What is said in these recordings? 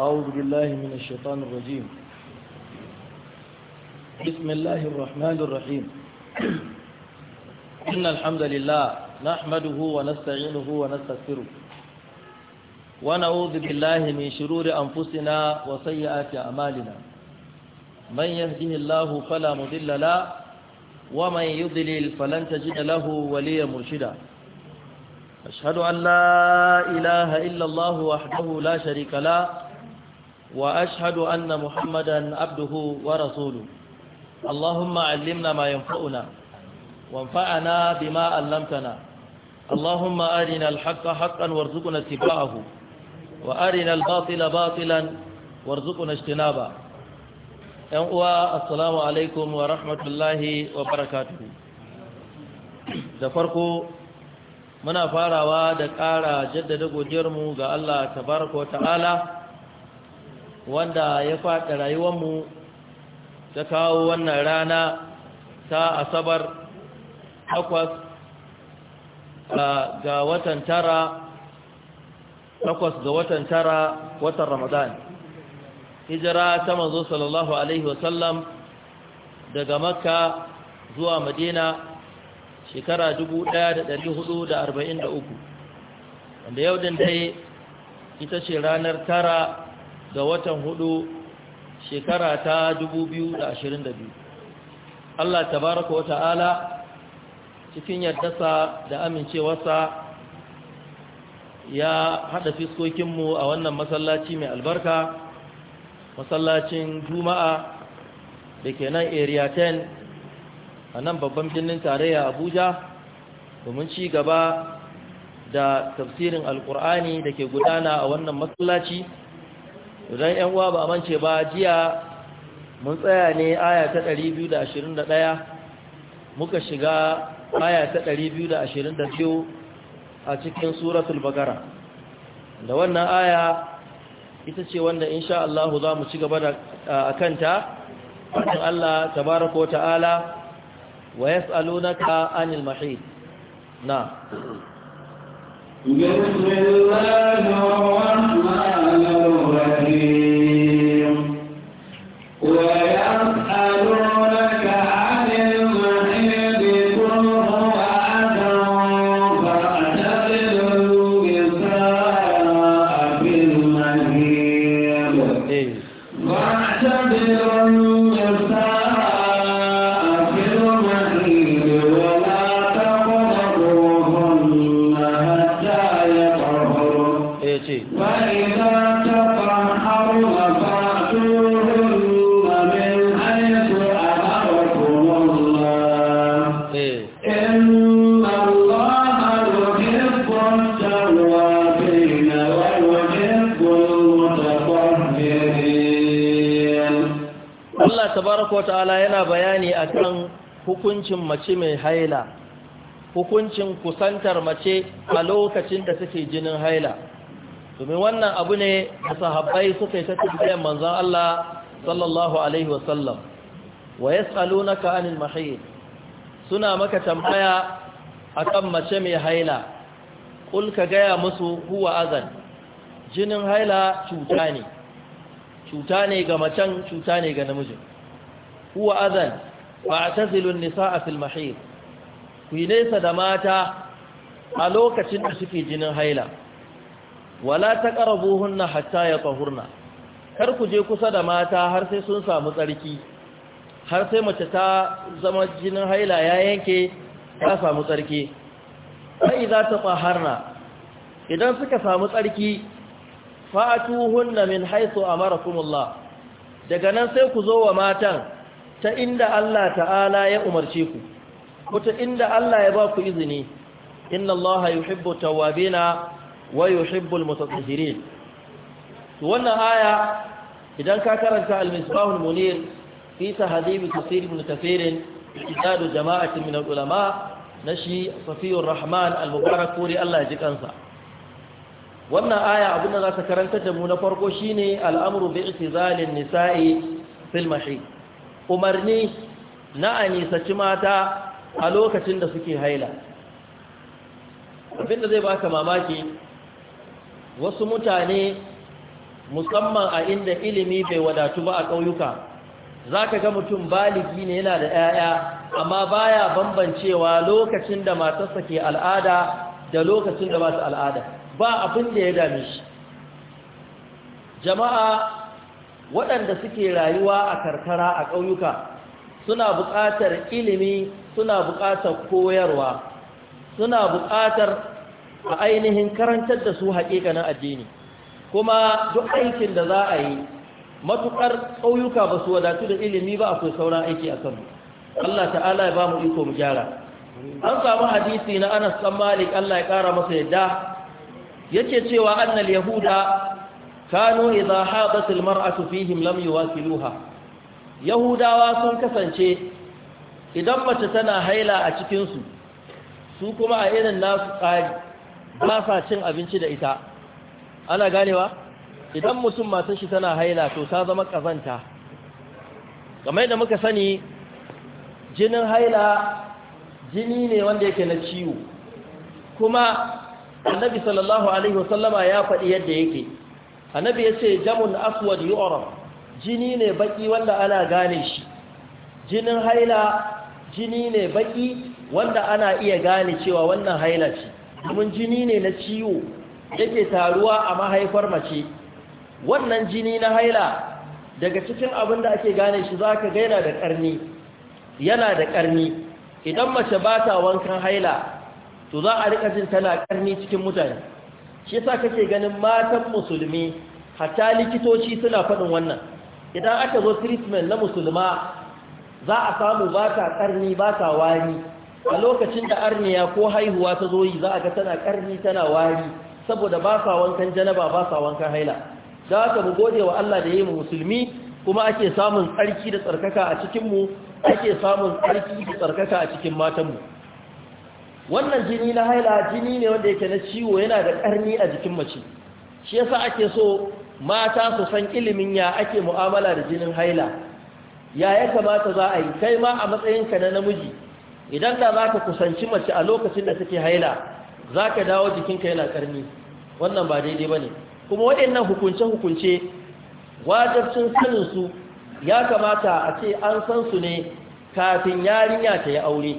أعوذ بالله من الشيطان الرجيم بسم الله الرحمن الرحيم إن الحمد لله نحمده ونستعينه ونستغفره ونعوذ بالله من شرور أنفسنا وسيئات أعمالنا من يهده الله فلا مضل له ومن يضلل فلن تجد له وليا مرشدا أشهد أن لا إله إلا الله وحده لا شريك له وأشهد أن محمدا عبده ورسوله اللهم علمنا ما ينفعنا وانفعنا بما علمتنا اللهم أرنا الحق حقا وارزقنا اتباعه وأرنا الباطل باطلا وارزقنا اجتنابه ينقوى السلام عليكم ورحمة الله وبركاته da farko muna farawa da ƙara jaddada godiyarmu ga Allah tabaraka wa ta'ala wanda ya faɗi rayuwarmu ta kawo wannan rana ta asabar takwas ga watan tara takwas ga watan tara watan ramadan hijira ta manzo sallallahu alaihi wasallam daga makka zuwa madina shekara 1443 wanda yau din dai ita ce ranar tara ga watan hudu shekara ta 2022 Allah tabaraka wa ta'ala cikin yardasa da amincewarsa ya hada fiskokinmu a wannan masallaci mai albarka masallacin juma'a da ke nan area 10 a nan babban birnin tarayya abuja domin ci gaba da tafsirin alkur'ani da ke gudana a wannan masallaci idan yan uwa ba mance ba jiya mun tsaya ne aya ta 221 muka shiga aya ta 222 a cikin suratul bakara da wannan aya ita ce wanda insha Allah za mu ci gaba da kanta, wajen Allah tabaraka ta'ala wa ka anil mahi na بسم الله الرحمن tabaraka wa yana bayani akan hukuncin mace mai haila hukuncin kusantar mace a lokacin da suke jinin haila domin wannan abu ne da sahabbai suka yi ta tambayar manzan Allah sallallahu alaihi wasallam wa yas'alunaka anil mahid suna maka tambaya akan mace mai haila kul gaya musu huwa azan jinin haila cuta ne cuta ne ga macen cuta ne ga namijin huwa adhan fa a an-nisaa fil mahid ku nesa da mata a lokacin da suke jinin haila wala ta taqrabuhunna hatta yatahurna kar ku je kusa da mata har sai sun samu tsarki har sai mace ta zama jinin haila ya yanke ta samu tsarki sai za ta tsaharna idan suka samu tsarki fa'atuhunna min mara amarakumullah daga nan sai ku zo wa matan ta inda Allah ta'ala ya umarce ku ko ta inda Allah ya ba ku izini inna Allah yuhibbu tawabina wa yuhibbu almutatahhirin to wannan aya idan ka karanta al-misbahul munir fi tahdhib tafsir ibn kathir idadu jama'atin min al-ulama nashi safiyur rahman al-mubarak kuri Allah ji kansa wannan aya abin da za ta karanta da mu na farko shine al-amru bi'tizalin nisa'i fil umarni na a nisaci mata a lokacin da suke haila abinda zai baka mamaki wasu mutane musamman a inda ilimi bai wadatu ba a ƙauyuka za ka ga mutum baligi ne yana da 'ya'ya amma baya bambancewa lokacin da matarsa ke al'ada da lokacin da ba su al'ada ba abin da ya dame shi jama'a waɗanda suke rayuwa a karkara a ƙauyuka suna buƙatar ilimi suna buƙatar koyarwa suna buƙatar a ainihin karantar da su haƙiƙanin addini kuma duk aikin da za a yi matuƙar ƙauyuka ba su wadatu da ilimi ba akwai sauran aiki a kanmu Allah ta'ala ya ba mu iko mu gyara an samu hadisi na Anas ɗan Malik Allah ya ƙara masa yadda yake cewa annal yahuda kanu idza hadat almar'atu fihim lam yuwasiluha yahudawa sun kasance idan mace tana haila a cikin su su kuma a irin nasu tsari ba sa cin abinci da ita ana ganewa idan mutum matar shi tana haila to ta zama kazanta kamar da muka sani jinin haila jini ne wanda yake na ciwo kuma annabi sallallahu alaihi wasallama ya faɗi yadda yake annabi ya ce jamun aswad yu'raf jini ne baki wanda ana gane shi jinin haila jini ne baki wanda ana iya gane cewa wannan haila ce domin jini ne na ciwo yake taruwa a mahaifar mace wannan jini na haila daga cikin abin da ake gane shi za ka gaina da ƙarni yana da ƙarni idan mace ba ta wankan haila to za a rika jin tana ƙarni cikin mutane shi yasa kake ganin matan musulmi hatta likitoci suna faɗin wannan idan aka zo treatment na musulma za a samu ba ta ƙarni ba ta wari a lokacin da arniya ko haihuwa ta zo yi za a ga tana ƙarni tana wari saboda ba sa wankan janaba ba sa wankan haila da haka mu gode wa Allah da ya yi mu musulmi kuma ake samun tsarki da tsarkaka a cikinmu ake samun tsarki da tsarkaka a cikin matanmu wannan jini na haila jini ne wanda yake na ciwo yana da karni a jikin mace shi yasa ake so mata su san ilimin ya ake mu'amala da jinin haila ya ya kamata za a yi kai ma a matsayin ka na namiji idan da za ka kusanci mace a lokacin da take haila za ka dawo jikinka yana karni wannan ba daidai ba ne kuma waɗannan hukunce-hukunce wajabcin saninsu ya kamata a ce an san su ne kafin yarinya ta yi aure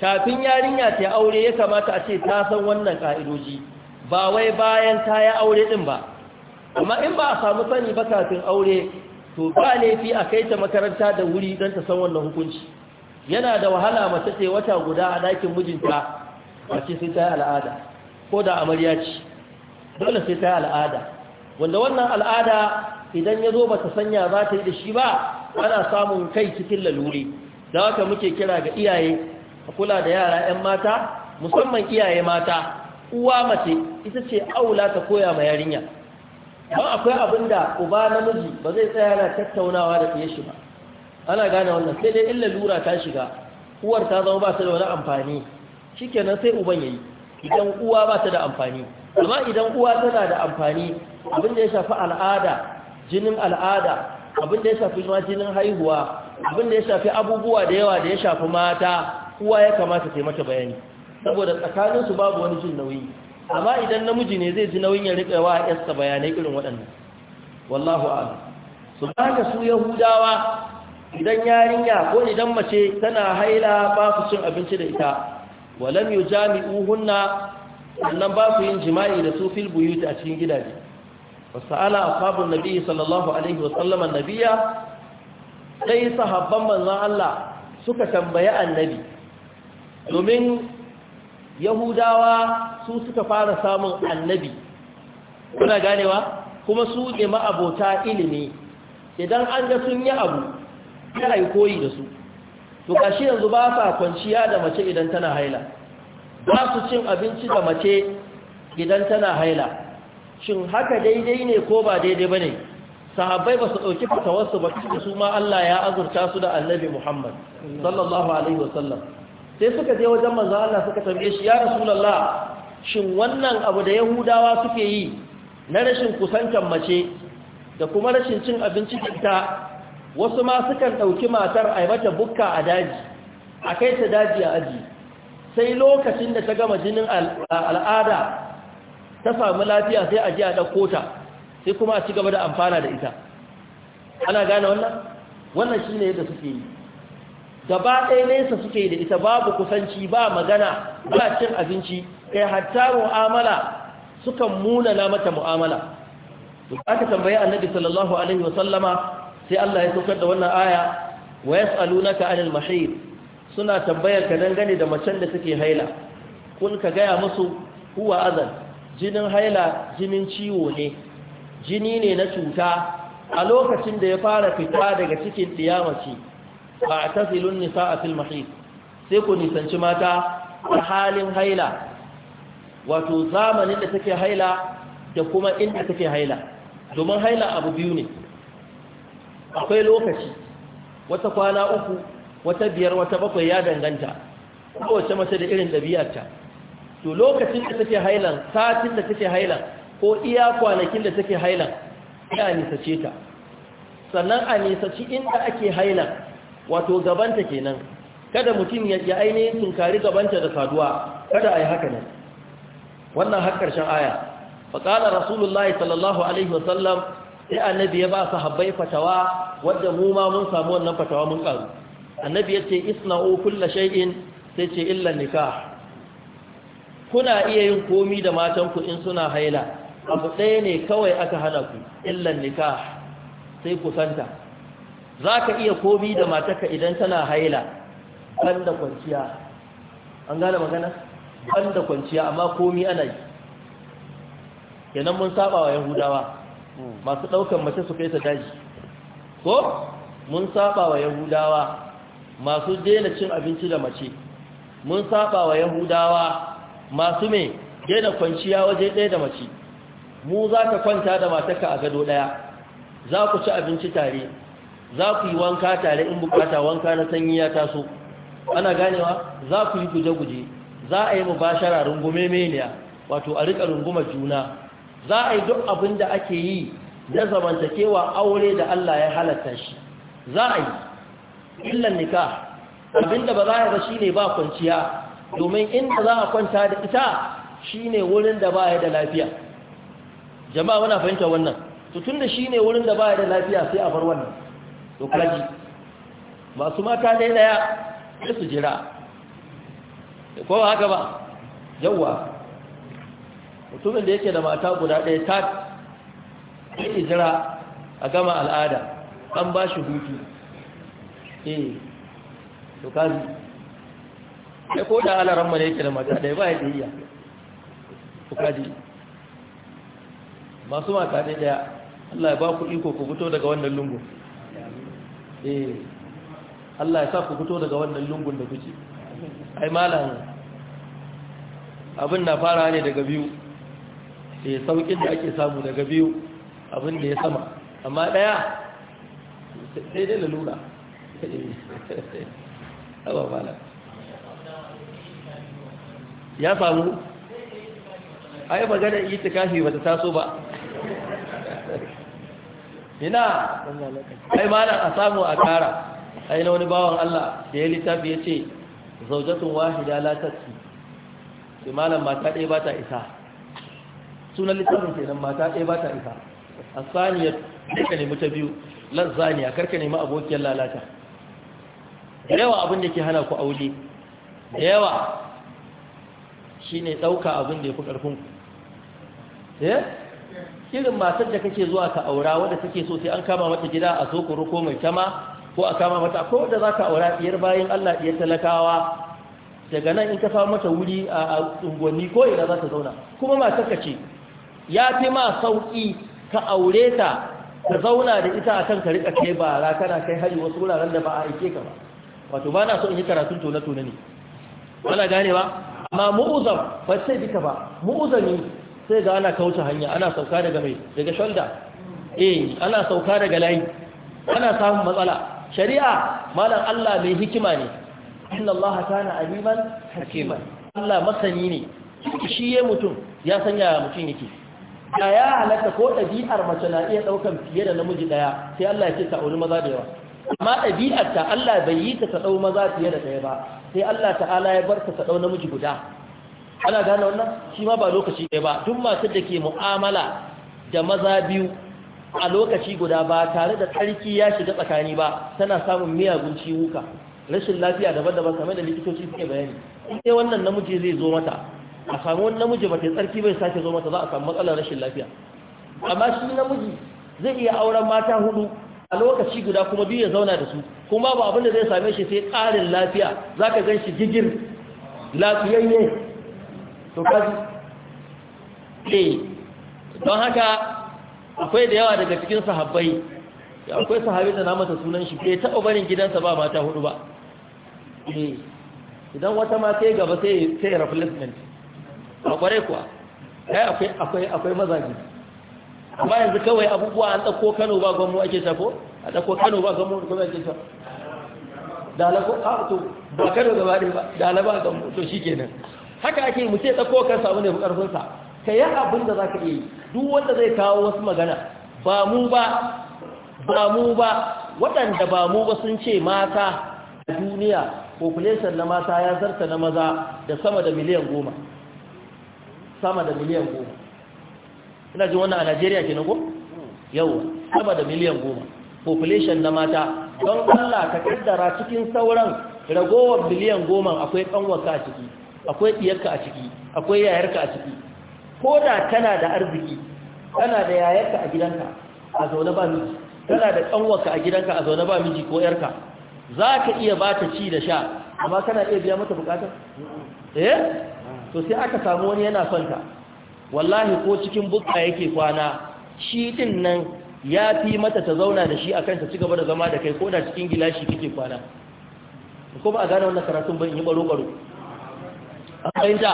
kafin yarinya ta yi aure ya kamata a ce ta san wannan ka'idoji ba wai bayan ta yi aure ɗin ba amma in ba a samu sani ba kafin aure to ba laifi a kai ta makaranta da wuri don ta san wannan hukunci yana da wahala mace ce wata guda a ɗakin mijinta a ce sai ta yi al'ada ko da amarya ce dole sai ta yi al'ada wanda wannan al'ada idan ya zo ba ta sanya za ta yi da shi ba ana samun kai cikin lalure da haka muke kira ga iyaye a kula da yara 'yan mata musamman iyaye mata uwa mace ita ce aula ta koya ma yarinya don akwai abin da uba namiji ba zai tsaya na tattaunawa da fiye shi ba ana gane wannan sai dai illa lura ta shiga uwar ta zama ba ta da wani amfani kenan sai uban yayi idan uwa ba ta da amfani amma idan uwa tana da amfani abin da ya shafi al'ada jinin al'ada abin da ya shafi jinin haihuwa abin da ya shafi abubuwa da yawa da ya shafi mata kowa ya kamata ta mata bayani saboda tsakaninsu babu wani jin nauyi amma idan namiji ne zai ji nauyin ya riƙa wa yarsa bayanai irin waɗannan wallahu a'lam su baka su yahudawa idan yarinya ko idan mace tana haila ba su cin abinci da ita walam hunna sannan ba su yin jima'i da su fil buyut a cikin gidaje wasa'ala ashabun nabi sallallahu alaihi wa sallama nabiya sai sahabban manzon Allah suka tambaye annabi domin yahudawa su suka fara samun annabi kuna ganewa kuma su ne ma'abota ilimi idan an ga sun yi abu ya yi koyi da su to kashi yanzu ba sa kwanciya da mace idan tana haila ba su cin abinci da mace idan tana haila shin haka daidai ne ko ba daidai ba ne sahabbai ba su ɗauki fatawarsu ba su ma Allah ya azurta su da annabi Muhammad sallallahu alaihi wasallam sai suka je wajen manzo Allah suka tambaye shi ya rasulullah shin wannan abu da yahudawa suke yi na rashin kusantan mace da kuma rashin cin abinci ita wasu ma sukan ɗauki matar a mata bukka a daji a kai ta daji a aji sai lokacin da ta gama jinin al'ada ta samu lafiya sai a ji a ɗauko ta sai kuma a ci gaba da amfana da ita ana gane wannan wannan shine yadda suke yi gaba ɗaya nesa suke da ita babu kusanci ba magana ba cin abinci kai hatta mu'amala sukan na mata mu'amala aka tambaye annabi sallallahu alaihi wa sallama sai Allah ya saukar da wannan aya wa yas'alunaka 'anil mahir suna tambayar ka dangane da macen da take haila kun ka gaya musu huwa azan jinin haila jinin ciwo ne jini ne na cuta a lokacin da ya fara fita daga cikin tiyamaci ba a tafilun nisa a filmahi sai ku nisanci mata a halin haila wato zamanin da take haila da kuma inda take haila domin haila abu biyu ne akwai lokaci wata kwana uku wata biyar wata bakwai ya danganta kowace mace da irin ɗabi'arta to lokacin da take hailan satin da take hailan ko iya kwanakin da take hailan ya nisace ta sannan a nisaci inda ake hailan wato gabanta kenan kada mutum ya ainihin tunkari gabanta da saduwa kada a yi haka nan wannan har ƙarshen aya faƙalar rasulullahi sallallahu alaihi wasallam sai annabi ya ba su habbai fatawa wadda mu ma mun samu wannan fatawa mun ƙaru annabi ya ce isna'u kulla shay'in sai ce illa nikah kuna iya yin komi da matanku in suna haila abu ɗaya ne kawai aka hana ku illa nikah sai ku santa. za ka iya komi da mataka idan tana haila ban da kwanciya an gane magana ban da kwanciya amma komi ana yi kenan mun saba wa yahudawa masu daukan mace su kai ta daji ko mun saba wa yahudawa masu daina cin abinci da mace mun saba wa yahudawa masu me daina kwanciya waje ɗaya da mace mu za ka kwanta da mataka a gado ɗaya za ku ci abinci tare za ku yi wanka tare in bukata wanka na sanyi ya taso ana ganewa za ku yi guje-guje za a yi mubashara rungume meniya wato a rika runguma juna za a yi duk abin da ake yi na zamantakewa aure da Allah ya halatta shi za a yi illan nika abinda ba za a ba shine ba kwanciya domin inda za a kwanta da ita shine wurin da ba ya da lafiya jama'a muna fahimta wannan to shi shine wurin da ba ya da lafiya sai a bar wannan to kaji masu mata dai daya sai su jira ko ba haka ba yawwa mutumin da yake da mata guda ɗaya ta yake jira a gama al'ada an ba shi hutu eh to kazi sai ko da alaran ne yake da mata ɗaya ba ya ɗaya to kaji masu mata ɗaya Allah ya ba ku iko ku fito daga wannan lungu eh Allah ya sa ku fito daga wannan lungun da kuke ai malam abin na fara ne daga biyu eh saukin da ake samu daga biyu abin da ya sama amma daya sai dai lalura Allah eh, bala ya samu ai magana ba bata taso ba ina ai malam a samu a kara ai na wani bawan Allah da ya littafi ya ce zaujatun wahida la tatsi sai malam mata ɗaya ba ta isa sunan littafin kenan mata ɗaya ba ta isa a saniyar ka nemi ta biyu a karka nemi abokiyar lalata da yawa abin da ke hana ku aure da yawa shi ne ɗauka abin da ya fi ƙarfinku eh? irin matar da kake zuwa ka aura wanda take so sai an kama mata gida a soko ko mai tama ko a kama mata ko da za aura diyar bayan Allah diyar talakawa daga nan in ka samu mata wuri a unguwanni ko ina za ta zauna kuma matar ka ce ya fi ma sauki ka aure ta ka zauna da ita akan ka rika kai bara kana kai hari wasu wuraren da ba a aike ka ba wato ba na so in yi karatun tone-tone ne wala gane ba amma mu'uzam ba sai bika ba mu'uzami sai ga ana kauce hanya ana sauka daga mai daga shoulder eh ana sauka daga layi ana samun matsala shari'a malam Allah mai hikima ne inna kana aliman hakiman Allah masani ne shi ya mutum ya sanya mutum yake a ya ko ɗabi'ar mace na iya ɗaukan fiye da namiji ɗaya sai Allah ya ce ta auri maza da yawa amma ɗabi'ar ta Allah bai yi ta ta ɗau maza fiye da ɗaya ba sai Allah ta'ala ya bar ta ta namiji guda ana gane wannan shi ma ba lokaci ɗaya ba duk masu da ke mu'amala da maza biyu a lokaci guda ba tare da tsarki ya shiga tsakani ba tana samun miyagun ciwuka rashin lafiya daban-daban kamar da likitoci suke bayani sai wannan namiji zai zo mata a samu wani namiji ba ta tsarki bai sake zo mata za a samu matsalar rashin lafiya amma shi namiji zai iya auren mata hudu a lokaci guda kuma biyu ya zauna da su kuma ba abin da zai same shi sai ƙarin lafiya zaka ka gan shi lafiyayye to kaji eh don haka akwai da yawa daga cikin sahabbai akwai sahabi da na mata sunan shi bai taɓa barin gidansa ba mata hudu ba eh, idan wata ma yi gaba sai sai replacement a kwarai kuwa kai akwai akwai akwai mazaji amma yanzu kawai abubuwa an ɗauko Kano ba gwamnu ake shafo a ɗauko Kano ba gwamnu kuma ake tafo dalako a to ba Kano gaba ɗaya ba da a gwamnu to kenan. haka ake mu ce tsako kan samu ne karfin sa ka yi abin da zaka iya yi duk wanda zai kawo wasu magana ba mu ba ba mu ba waɗanda ba mu ba sun ce mata a duniya population na mata ya zarta na maza da sama da miliyan goma sama da miliyan goma ina ji wannan a najeriya ke nago yau sama da miliyan goma population na mata don allah ka kaddara cikin sauran ragowar miliyan goma akwai kanwaka ciki akwai ɗiyarka a ciki akwai yayarka a ciki ko da tana da arziki tana da yayarka a gidanka a zaune ba miji tana da ƙanwarka a gidanka a zaune ba miji ko yarka za ka iya ba ta ci da sha amma kana iya biya mata bukatar eh to sai aka samu wani yana son ta? wallahi ko cikin bukka yake kwana shi din nan ya fi mata ta zauna da shi akan ta ci gaba da zama da kai ko da cikin gilashi kake kwana ko ba a gane wannan karatun ban yi baro baro a fahimta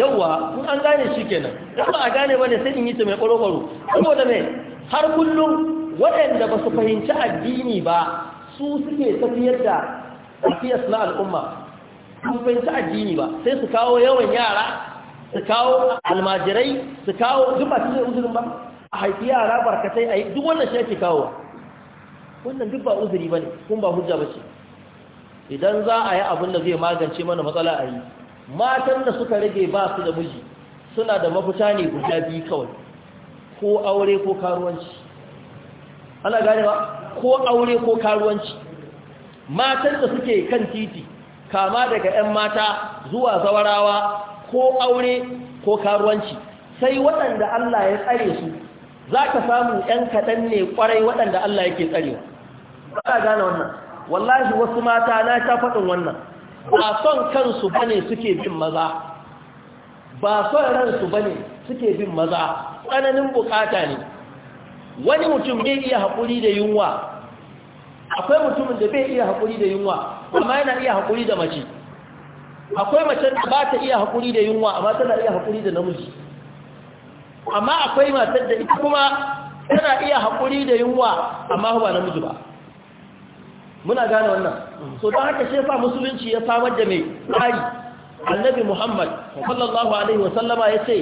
yawwa in an gane shi kenan in ba a gane ba ne sai in yi ta mai ƙwarƙwaro saboda mai har kullum waɗanda ba su fahimci addini ba su suke tafiyar da tafiyar na al'umma su fahimci addini ba sai su kawo yawan yara su kawo almajirai su kawo duk masu zai uzurin ba a haifi yara barkatai a yi duk wannan shi ake kawo wannan duk ba uzuri ba ne kun ba hujja ba ce idan za a yi abin da zai magance mana matsala a yi matan da suka rage ba su da miji suna da mafita ne guda biyu kawai ko aure ko karuwanci ana gane ba ko aure ko karuwanci matan da suke kan titi kama daga 'yan mata zuwa zawarawa ko aure ko karuwanci sai waɗanda Allah ya tsare su za ka samu 'yan kaɗan ne ƙwarai waɗanda Allah yake tsarewa ba gane wannan wallahi wasu mata na ta faɗin wannan ba son kansu bane suke bin maza ba son ransu bane suke bin maza tsananin bukata ne wani mutum bai iya haƙuri da yunwa akwai mutumin da bai iya haƙuri da yunwa amma yana iya haƙuri da mace akwai mace da ba ta iya haƙuri da yunwa amma tana iya haƙuri da namiji amma akwai matar da ita kuma tana iya haƙuri da yunwa amma ba namiji ba muna gane wannan so da haka shefa musulunci ya samar da mai tsari annabi muhammad sallallahu alaihi wasallama ya ce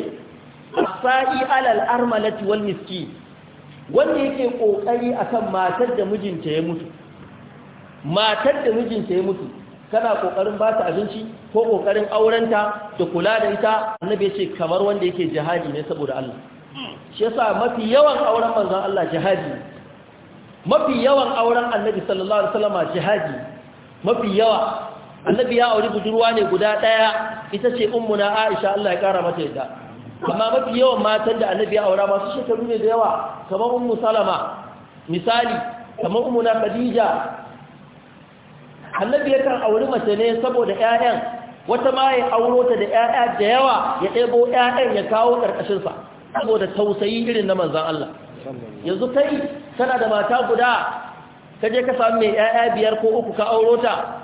sa'i alal armalati wal miski wanda yake kokari akan matar da mijinta ya mutu matar da mijinta ya mutu kana kokarin ba ta abinci ko kokarin aurenta da kula da ita annabi ya ce kamar wanda yake jihadi ne saboda Allah shi yasa mafi yawan auren manzon Allah jihadi mafi yawan auren annabi sallallahu alaihi wasallama jihadi mafi yawa annabi ya auri budurwa ne guda ɗaya ita ce na aisha Allah ya kara mata yadda amma mafi yawan matan da annabi ya aura masu shekaru ne da yawa kamar ummu salama misali kamar na khadija annabi ya kan auri mace ne saboda ƴaƴan wata ma ya auro ta da ƴaƴa da yawa ya ɗebo ƴaƴan ya kawo karkashin sa saboda tausayi irin na manzon Allah yanzu kai tana da mata guda ka je ka samu mai ƴaƴa biyar ko uku ka auro ta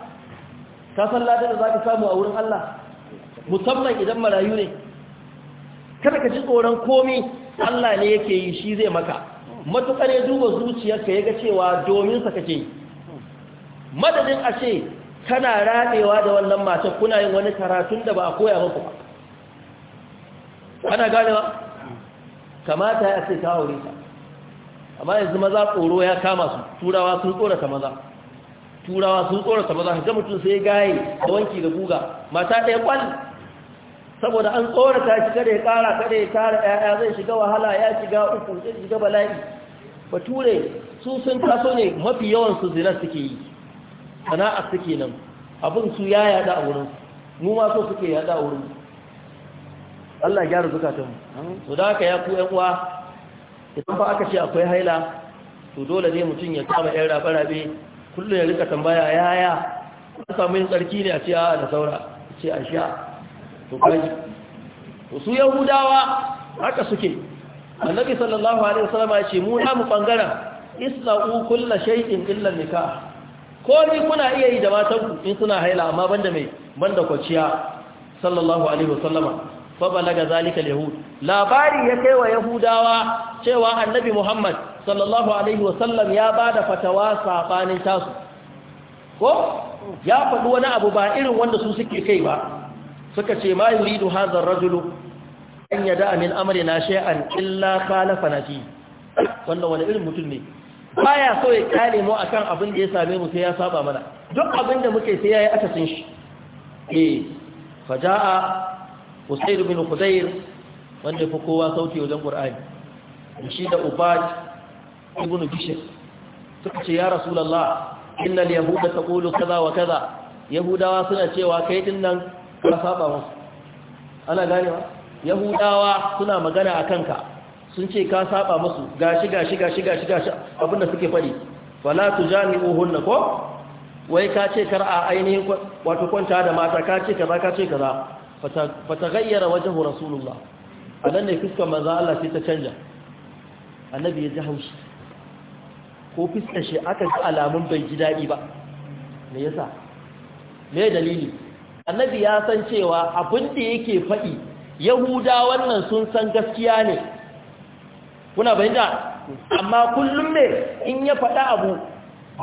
ka san ladan da za ka samu a wurin Allah musamman idan marayu ne kada ka ji tsoron komi Allah ne yake yi shi zai maka matuƙar ya duba zuciyarka ya ga cewa domin sa kake madadin a ce kana raɗewa da wannan matar kuna yin wani karatun da ba a koya muku ba kana ganewa kamata ya ce ta aure ta amma yanzu maza tsoro ya kama su turawa sun tsorata maza turawa sun tsorata maza ga mutum sai gaye da wanki da guga mata ɗaya kwal saboda an tsorata shi kada ya ƙara kada ya tara ya zai shiga wahala ya shiga uku zai shiga bala'i bature su sun taso ne mafi yawan su zina suke yi sana'a suke nan abin su ya yada a wurin mu ma so suke yada a wurin Allah gyara zukatanmu so da haka ya ku 'yan uwa idan ba aka ce akwai haila to dole ne mutum ya kama yan rabe-rabe kullum ya rika tambaya yaya Kuma samu yin tsarki ne a ce a da saura ce a sha to kai to su yahudawa haka suke annabi sallallahu alaihi wasallam ya ce mu na mu bangara isla'u kullu shay'in illa nikah ko ni kuna iya yi da matanku in suna haila amma banda mai banda kwaciya sallallahu alaihi wasallama fa balaga zalika alyahud labari ya kai wa yahudawa cewa annabi muhammad sallallahu alaihi wasallam ya bada fatawa sabanin tasu ko ya faɗi wani abu ba irin wanda su suke kai ba suka ce ma yuridu hadha ar-rajulu an yada min amrina shay'an illa khalafa nafi wannan wani irin mutum ne baya so ya kare mu akan abin da ya same mu sai ya saba mana duk abin da muke sai yayi akasin shi eh faja'a Usair bin Khudair wanda fa kowa sauti wajen Qur'ani shi da Ubad ibn Bishr suka ce ya Rasulullah innal yahuda taqulu kaza wa kaza yahudawa suna cewa kai din nan ka saba musu ana wa yahudawa suna magana akan ka sun ce ka saba musu gashi gashi gashi gashi gashi abinda suke fadi wala tujami'uhunna ko wai ka ce kar a ainihin wato kwanta da mata ka ce kaza ka ce kaza fataghayyara wajhu rasulullah anan ne fiskar manzo Allah sai ta canja annabi ya ji haushi ko fiskar shi aka ji alamun bai ji dadi ba me yasa me dalili annabi ya san cewa abin da yake faɗi yahuda wannan sun san gaskiya ne kuna bayyana amma kullum ne in ya fada abu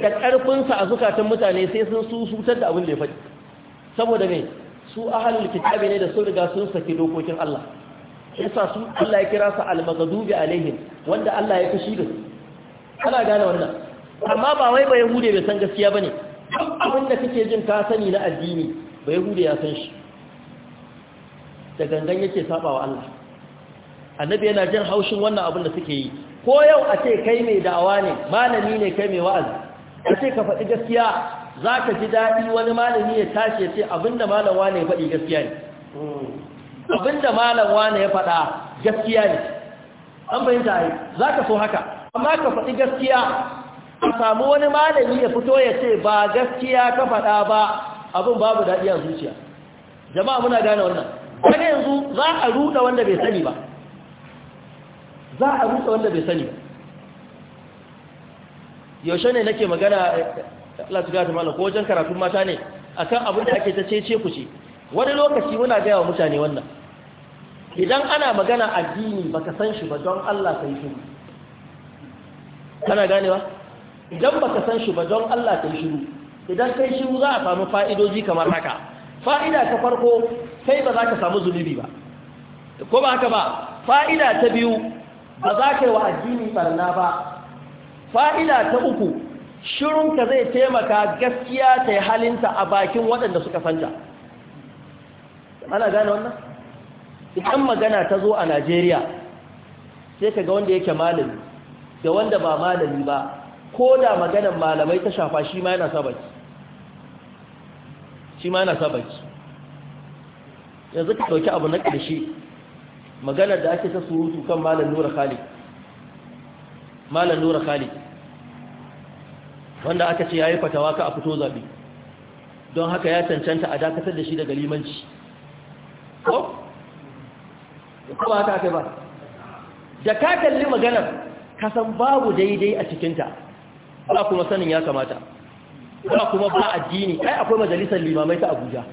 da ƙarfinsa a zukatan mutane sai sun susutar da abin da ya faɗi saboda me su ahalul kitabi ne da sun riga sun saki dokokin Allah yasa su Allah ya kira su al-maghdubi alaihim wanda Allah ya fushi da su kana gane wannan amma ba wai ba yahude bai san gaskiya bane abin da kake jin ka sani na addini ba yahude ya san shi da gangan yake sabawa wa Allah annabi yana jin haushin wannan abin da suke yi ko yau a ce kai mai da'awa ne malami ne kai mai wa'azi a ce ka faɗi gaskiya za ka ji daɗi wani malami ya tashi ce abinda malawa ne ya faɗi gaskiya ne abinda malawa ne ya faɗa gaskiya ne an fahimta yi za ka so haka amma ka faɗi gaskiya ka samu wani malami ya fito ya ce ba gaskiya ka faɗa ba abin babu daɗi a zuciya jama'a muna gane wannan wani yanzu za a ruɗa wanda bai sani ba za a ruɗa wanda bai sani ba yaushe ne nake magana eh, Allah su gata mana ko wajen karatun mata ne akan abin da ake ta ce ce ku ce wani lokaci muna gaya wa mutane wannan idan ana magana addini baka san shi ba don Allah yi shiru kana ganewa idan baka san shi ba don Allah yi shiru idan kai shiru za a samu fa'idoji kamar haka fa'ida ta farko kai ba za ka samu zunubi ba ko ba haka ba fa'ida ta biyu ba za ka yi wa addini barna ba fa'ida ta uku shirinka zai taimaka gaskiya ta yi halinta a bakin waɗanda suka fanta ana gane wannan idan magana ta zo a najeriya sai ka ga wanda yake malami da wanda ba malami ba ko da maganan malamai ta shafa shi ma yana sabaki shi ma yana sabaki yanzu ka ɗauki abu na ƙarshe maganar da ake ta surutu kan malam nura khalid malam nura khalid wanda aka ce ya yi fatawa ka a fito zaɓi don haka ya cancanta a dakatar da shi daga limanci ko da kuma haka kai ba da ka kalli maganar ka san babu daidai a cikinta ba kuma sanin ya kamata ba kuma ba addini ai akwai majalisar limamai ta Abuja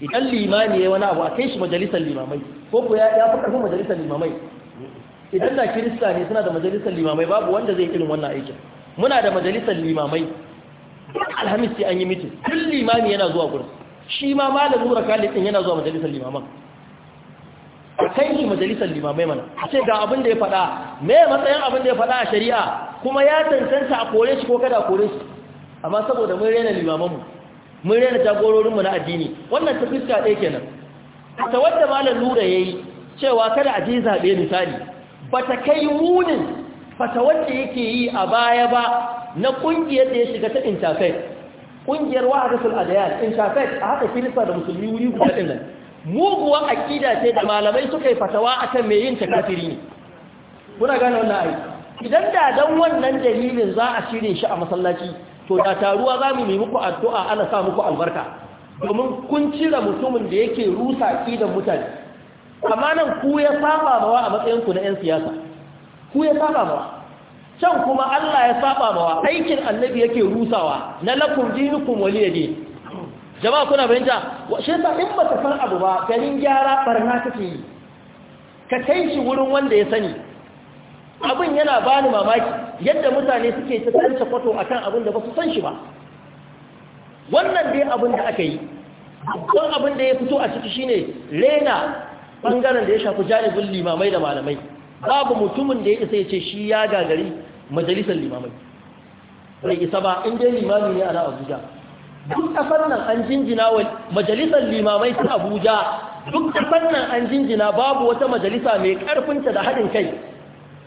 idan limami ya wani abu a kai shi majalisar limamai ko ku ya fi ƙarfin majalisar limamai idan na kirista ne suna da majalisar limamai babu wanda zai irin wannan aikin muna da majalisar limamai alhamis sai an yi mitin duk limami yana zuwa gurin shi ma malam nura khalid din yana zuwa majalisar limaman a kai shi majalisar limamai mana a ce ga abin da ya faɗa me matsayin abin da ya faɗa a shari'a kuma ya tantanta a kore shi ko kada a kore shi amma saboda mun rena limamanmu mun rena jagororinmu na addini wannan ta fuska ɗaya kenan ta wadda malam Lura ya yi cewa kada a je zaɓe misali ba ta kai munin fata wanda yake yi a baya ba na ƙungiyar da ya shiga ta intafet ƙungiyar wahadatul adayar intafet a haka kirista da musulmi wuri guda ɗin nan muguwan aƙida ce da malamai suka yi fatawa a kan mai yin ta kafiri ne kuna gane wannan ai idan da dan wannan dalilin za a shirye shi a masallaci to da taruwa za mu nemi ku addu'a ana sa muku albarka domin kun cire mutumin da yake rusa aƙidan mutane amma nan ku ya saba bawa a matsayin na 'yan siyasa ku ya saba mawa can kuma Allah ya saba mawa aikin annabi yake rusawa na lakum dinukum waliyadi jama'a kuna bayanta shi yasa in ta san abu ba garin gyara barna take yi ka kai shi wurin wanda ya sani abin yana bani mamaki yadda mutane suke ta tsanta kwato akan abin da ba su san shi ba wannan dai abin da aka yi babban abin da ya fito a ciki shine rena bangaren da ya shafi janibin limamai da malamai babu mutumin da ya isa ya ce shi ya gagari majalisar limamai bai isa ba in dai limami ne ana abuja duk da fannin an jinjina wa majalisar limamai ta abuja duk da fannin an jinjina babu wata majalisa mai karfinta da haɗin kai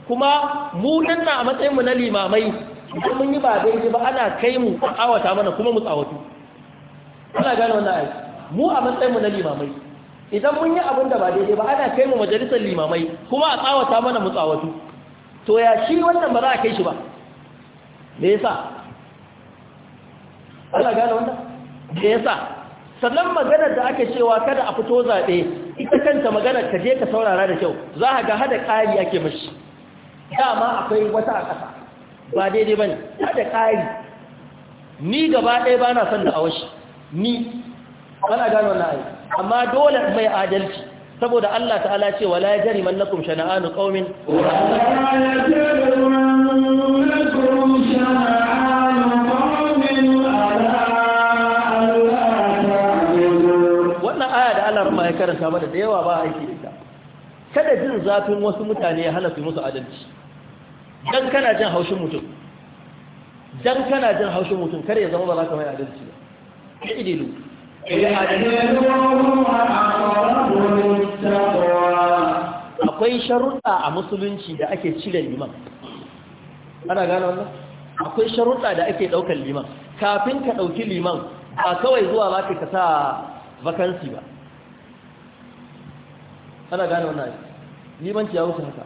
kuma mu dinna a matsayinmu na limamai idan mun yi ba daidai ba ana kai mu a mana kuma mu tsawatu ana gane wannan aiki mu a matsayinmu na limamai idan mun yi abin da ba daidai ba ana kai mu majalisar limamai kuma a tsawata mana mu tsawatu to ya shi wannan ba za a kai shi ba me yasa Allah gane wannan me yasa sannan maganar da ake cewa kada a fito zaɓe ita kanta maganar ka je ka saurara da kyau za ka ga hada ƙari ake mashi dama akwai wata a ƙasa ba daidai ba ne hada ƙari ni gaba ɗaya ba na son da washi ni ana gane wannan aiki amma dole mai adalci saboda Allah ta'ala ce wala jariman mallakum shana'anu qaumin wannan aya da Allah ya karanta mana da yawa ba aiki da ita kada jin zafin wasu mutane ya hana su musu adalci dan kana jin haushin mutum dan kana jin haushin mutum kar ya zama ba za ka mai adalci ba ya idilu akwai sharuɗa a musulunci da ake cire liman ana gano wannan akwai sharuɗa da ake ɗaukar liman kafin ka ɗauki liman ba kawai zuwa ba ka sa vakansi ba ana gano wannan limanci ya wuce haka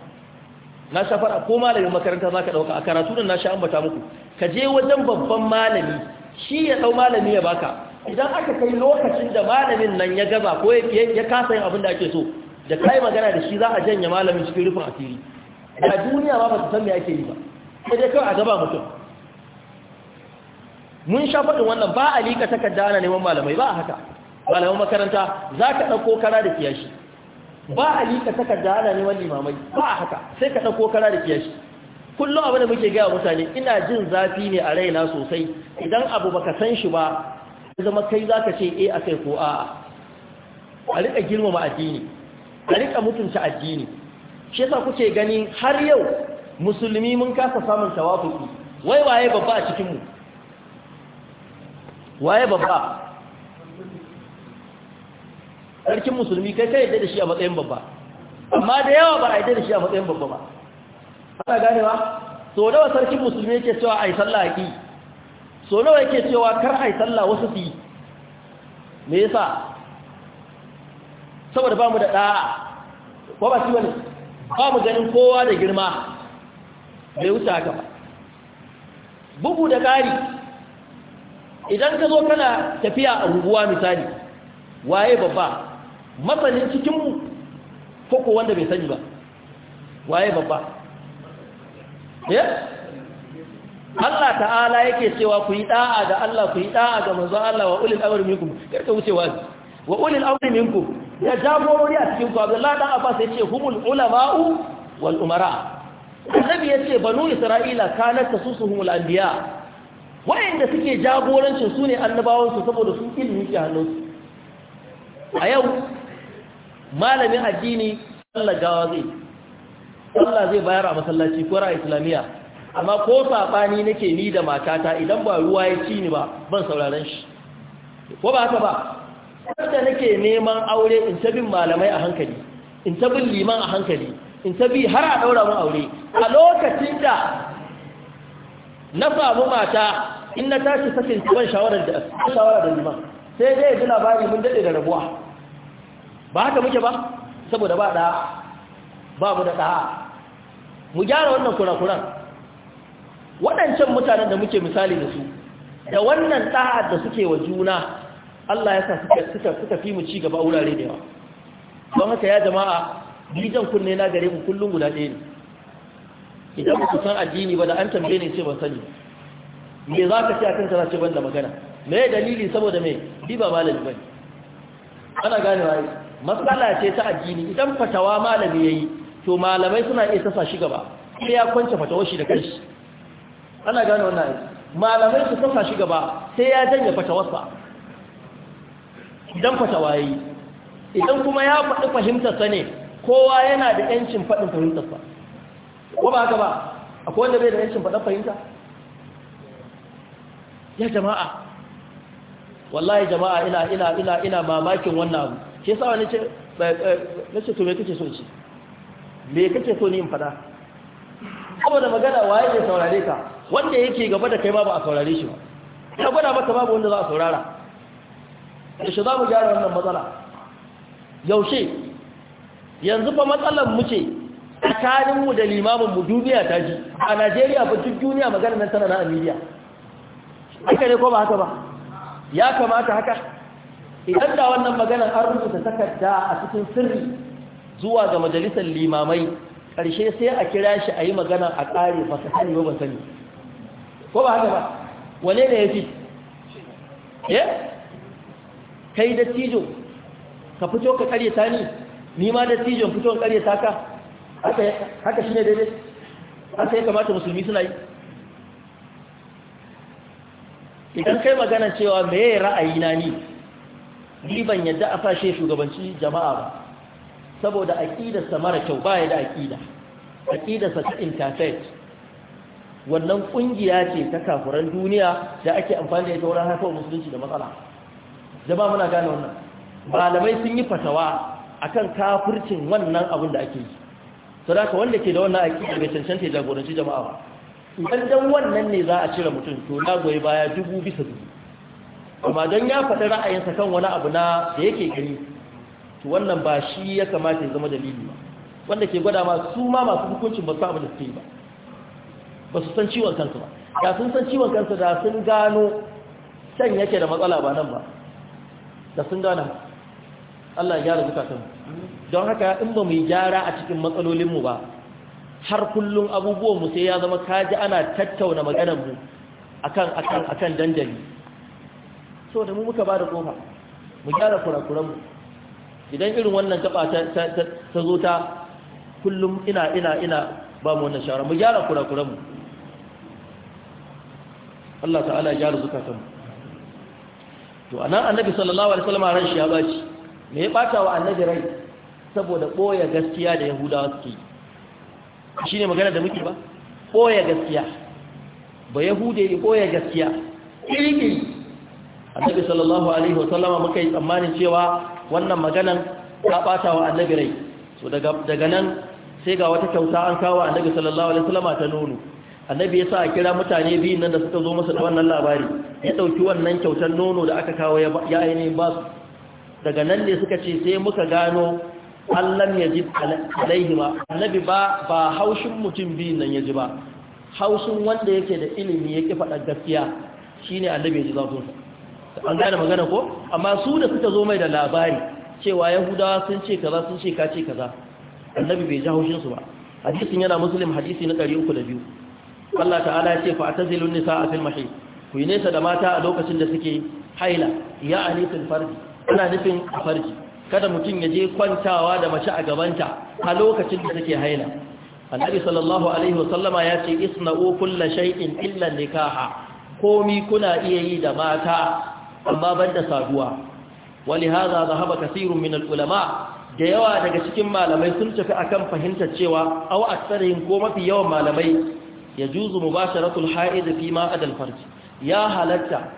na sha fara ko malamin makaranta za ka ɗauka a karatu da na sha ambata muku ka je wajen babban malami shi ya ɗau malami ya baka idan aka kai lokacin da malamin nan ya gaba ko ya kasa yin abin da ake so da kai magana da shi za a janye malamin cikin rufin asiri a duniya ba ba su san me ake yi ba sai dai kawai a gaba mutum mun sha faɗin wannan ba a liƙa takarda ana neman malamai ba a haka Malamin makaranta za ka ɗauko kara da kiyashi ba a liƙa takarda ana neman limamai ba a haka sai ka ɗauko kara da kiyashi kullum abin da muke gaya mutane ina jin zafi ne a raina sosai idan abu baka san shi ba ya zama kai za ka ce eh, a kai ko a'a a riƙa girmama addini a riƙa mutunta addini shi yasa kuke gani har yau musulmi mun kasa samun tawafuki wai waye babba a cikinmu waye babba sarkin musulmi kai kai yadda da shi a matsayin babba amma da yawa ba a yadda da shi a matsayin babba ba ana ganewa so dawa sarkin musulmi yake cewa ai sallah haƙi so nawa yake cewa kar ai sallah wasu su me yasa saboda bamu da da'a ko ba shi bane ba mu ganin kowa da girma bai wuce haka ba bugu da kari idan ka zo kana tafiya a unguwa misali waye babba masanin cikinmu ko ko wanda bai sani ba waye babba eh Allah ta'ala yake cewa ku yi da'a ga Allah ku yi da'a ga manzo Allah wa ulil amri minkum kada wucewa wa ulil amri minkum ya jagorori a cikin ku Abdullahi dan Abbas yace humul ulama'u wal umara annabi yace banu isra'ila kanat tasusuhumul anbiya wa'inda suke jagorancin su ne annabawan su saboda su ilimi ke hannunsu a yau malamin addini Allah gawa zai sallah zai bayar a masallaci ko ra'ayi islamiyya amma ko saɓani nake ni da matata idan ba ruwa ya ci ni ba ban sauraron shi ko ba haka ba wanda nake neman aure in ta bin malamai a hankali in ta bin liman a hankali in ta bi har a ɗaura mun aure a lokacin da na samu mata in na tashi sakin ban shawarar da shawara da liman sai dai ji labari mun daɗe da rabuwa ba haka muke ba saboda ba ɗaya ba mu da ɗaya mu gyara wannan kurakuran waɗancan mutanen da muke misali da su da wannan ɗa'ad da suke wa juna Allah ya sa suka fi mu ci gaba wurare da yawa don haka ya jama'a bijan kunne na gare mu kullum guda ɗaya ne idan ku san addini ba da an tambaye ne ce ban sani me za ka ce a kanka za ce ban da magana me dalili saboda me bi ba malami ba ana gane wa matsala ce ta addini idan fatawa malami ya yi, to malamai suna iya tasa shi gaba sai ya kwance fatawar shi da kanshi ana gane wannan aiki malamai su saka shi gaba sai ya janye fatawarsa idan fatawa yi idan kuma ya faɗi fahimtarsa ne kowa yana da yancin faɗin fahimtarsa ko ba haka ba akwai wanda bai da yancin faɗin fahimta ya jama'a wallahi jama'a ina ina ina ina mamakin wannan abu ke sa wani ce eh, eh, na ce to me kake so ce me kake so ni in faɗa saboda magana waye ne saurare ka wanda yake gaba da kai babu a saurare shi ba ya gwada maka babu wanda za a saurara yaushe za mu gyara wannan matsala yaushe yanzu fa matsalar mu ce mu da limamin mu duniya ta ji a najeriya ba duk duniya magana nan tana na amiriya haka ne ko ba haka ba ya kamata haka idan da wannan maganar an rubuta takarda a cikin sirri zuwa ga majalisar limamai ƙarshe sai a kira shi a yi magana a ƙare ba sani ba sani ko ba haka ba wane ne ya fi ya kai da tijo ka fito ka karyata ni ni ma da fito ka ta ka haka shi ne daidai haka ya kamata musulmi suna yi idan kai magana cewa meye ra'ayi na ni ni ban yadda a fashe shugabanci jama'a ba saboda aqidarsa mara kyau ba ya da aqida sa ta interfaith wannan kungiya ce ta kafuran duniya da ake amfani da ita wurin haifar musulunci da matsala jama'a muna gane wannan malamai sun yi fatawa akan kafircin wannan abin da ake yi sadaka wanda ke da wannan aiki bai cancanta jagoranci jama'a ba idan dan wannan ne za a cire mutum to na goyi baya dubu bisa dubu amma don ya faɗi ra'ayinsa kan wani abu na da yake gani to wannan ba shi ya kamata ya zama dalili ba wanda ke gwada ma su ma masu hukuncin ba su abin da yi ba ba su san ciwon kansu ba da sun san ciwon kansu da sun gano san yake da matsala ba nan ba da sun gano Allah ya gyara zukatan don haka in ba mu yi gyara a cikin matsalolinmu ba har kullum abubuwanmu sai ya zama kaji ana tattauna maganarmu akan akan akan dandali so da mu muka ba da kofa mu gyara kurakuranmu idan irin wannan taɓa ta zo ta kullum ina ina ina ba mu wannan shara mu gyara kurakuranmu Allah ta'ala ya gyara zukatan to anan annabi sallallahu alaihi wasallam ran shi ya baci me ya bata wa annabi rai saboda boye gaskiya da yahudawa suke shine magana da muke ba boye gaskiya ba yahude ne boye gaskiya kirki annabi sallallahu alaihi wasallam muka yi tsammanin cewa wannan maganan ta bata wa annabi rai so daga daga nan sai ga wata kyauta an kawo annabi sallallahu alaihi wasallam ta nono annabi ya sa a kira mutane biyun nan da suka zo masa da wannan labari ya ɗauki wannan kyautar nono da aka kawo ya ainihin ba su daga nan ne suka ce sai muka gano allan ya ji alaihi ba annabi ba ba haushin mutum biyun nan ya ji ba haushin wanda yake da ilimi ya ƙi faɗa gaskiya shine annabi ya ji zafinsa an gane magana ko amma su da suka zo mai da labari cewa yahudawa sun ce kaza sun ce ka ce kaza annabi bai ji haushinsu ba hadisin yana muslim hadisi na 302 Allah ta'ala ya ce fa atazilun nisaa fil mahid ku yi nesa da mata a lokacin da suke haila ya anifin farji ana nufin a farji kada mutum ya je kwantawa da mace a gabanta a lokacin da suke haila annabi sallallahu alaihi wasallama ya ce isna'u kulla shay'in illa nikaha komi kuna iya yi da mata amma banda saduwa ولهذا ذهب كثير من ulama da yawa daga cikin malamai sun tafi akan fahimtar cewa aw aksarihim ko mafi yawan malamai Ya yajuzu mubasharatul haid fi ma adal farj ya halatta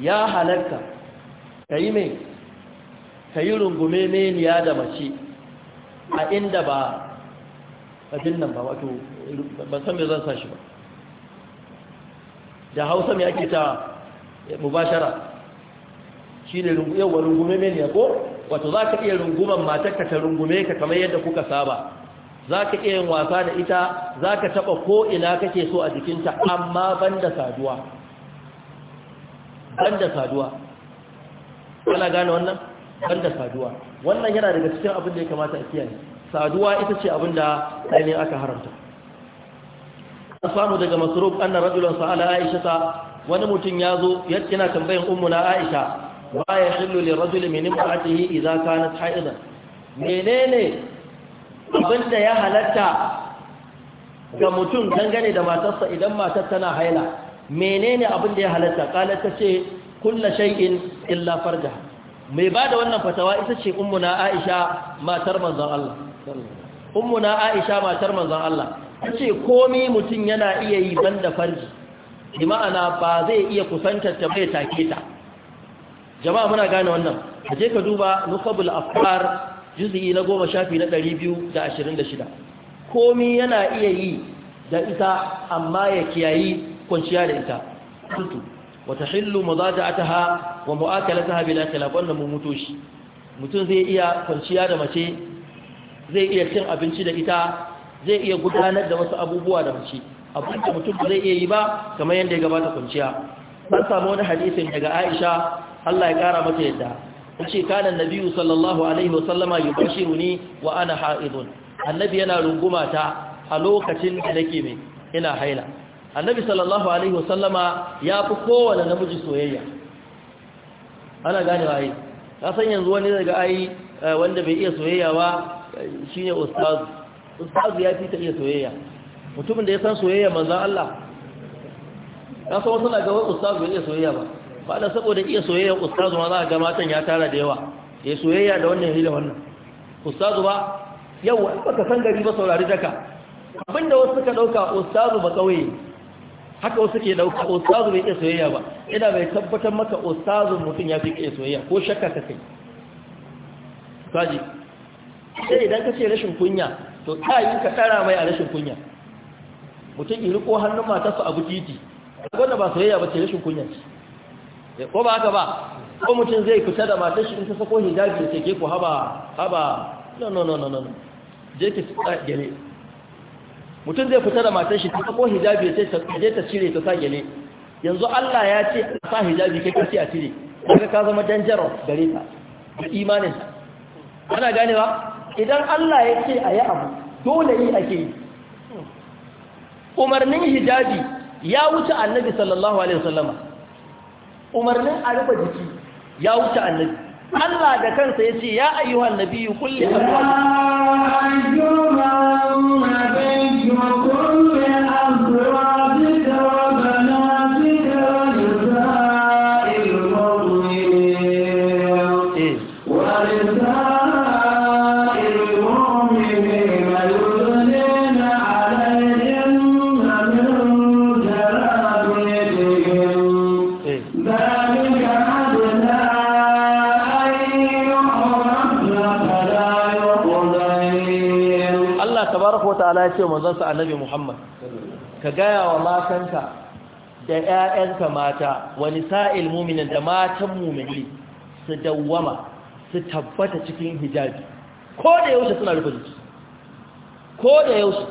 ya halatta Ka kai mai yi rungume meniya da mace a inda ba abin nan ba wato ban san me zan sa shi ba da Hausa me ake ta mubashara shi ne yawan rungume meniya ko wato za ka iya runguman matakka ta rungume ka kamar yadda kuka saba za ka iya yin wasa da ita za ka taɓa ina kake so a jikinta amma ban da saduwa ban da saduwa kana gane wannan ban da saduwa wannan yana daga cikin abin da ya kamata a kiyaye saduwa ita ce abin da ainihin aka haramta an samu daga masaruf an na rajulan sa'ala aisha ta wani mutum ya zo yana tambayin ummuna aisha ba ya shillu lirajuli min imra'atihi idza kanat haidan menene abinda ya halatta ga mutum dangane da matarsa idan matar tana haila menene abin da ya halatta kala ta ce kulla shay'in illa farja mai bada wannan fatawa ita ce ummuna Aisha matar manzon Allah ummuna Aisha matar manzon Allah tace komai mutum yana iya yi banda farji bi ma'ana ba zai iya kusantar ta bai take ta jama'a muna gane wannan aje ka duba nukabul afkar juzi'i na goma shafi na ɗari biyu da ashirin da shida. komi yana iya yi da ita amma ya kiyayi kwanciya da ita Tutu, wata hillu ataha wa mu'akalataha bila wannan mu mutu shi mutum zai iya kwanciya da mace zai iya cin abinci da ita zai iya gudanar da wasu abubuwa da mace abin da mutum zai iya yi ba kamar yadda ya gabata kwanciya an samu wani hadisin daga Aisha Allah ya kara mata yadda ce kana nabiyyu sallallahu alaihi wasallama yubashiruni wa ana haidun annabi yana runguma ta a lokacin da nake mai ina haila annabi sallallahu alaihi wasallama ya fi kowane namiji soyayya ana gane wa ai ka san yanzu wani daga ai eh, wanda bai iya soyayya ba shine ustaz ustaz ya fi ta iya soyayya mutumin da ya san soyayya manzon Allah ka san wasu na ga wani ustazu bai iya soyayya ba ba da saboda iya soyayya ustazu ma za ga matan ya tara da yawa ya soyayya da wannan hila wannan ustazu ba yawa baka san gari ba saurari daka abinda wasu suka dauka ustazu ba kawai haka wasu ke dauka ustazu bai iya soyayya ba ina bai tabbatar maka ustazu mutum ya fi iya soyayya ko shakka ka kai kaji sai idan ka ce rashin kunya to ta yi ka tara mai a rashin kunya mutum iri ko hannun matarsa abu titi wanda ba soyayya ba ce rashin kunya ce ko ba haka ba ko mutum zai fita da matar shi in ta sako hijabi ta ke ku haba haba no no no no no je ki sa gele mutum zai fita da matar shi ta sako hijabi sai ta je ta cire ta sa gele yanzu Allah ya ce ta sa hijabi kai kace a cire kaga ka zama dangerous gare ta da imanin gane ba idan Allah ya ce a yi abu dole yi ake yi umarnin hijabi ya wuce annabi sallallahu alaihi wasallama umarnin a rufe jiki ya wuce annabi Allah da kansa ya ce ya ayyuhu annabi kulli ya ayyuhu annabi nabiyyu ce manzansa annabi Muhammad ka gaya wa matanka da ‘ya'yanka mata wani sa'il muminin da matan mumini su dawwama su tabbata cikin hijabi ko da yaushe suna rufe jiki ko da yaushe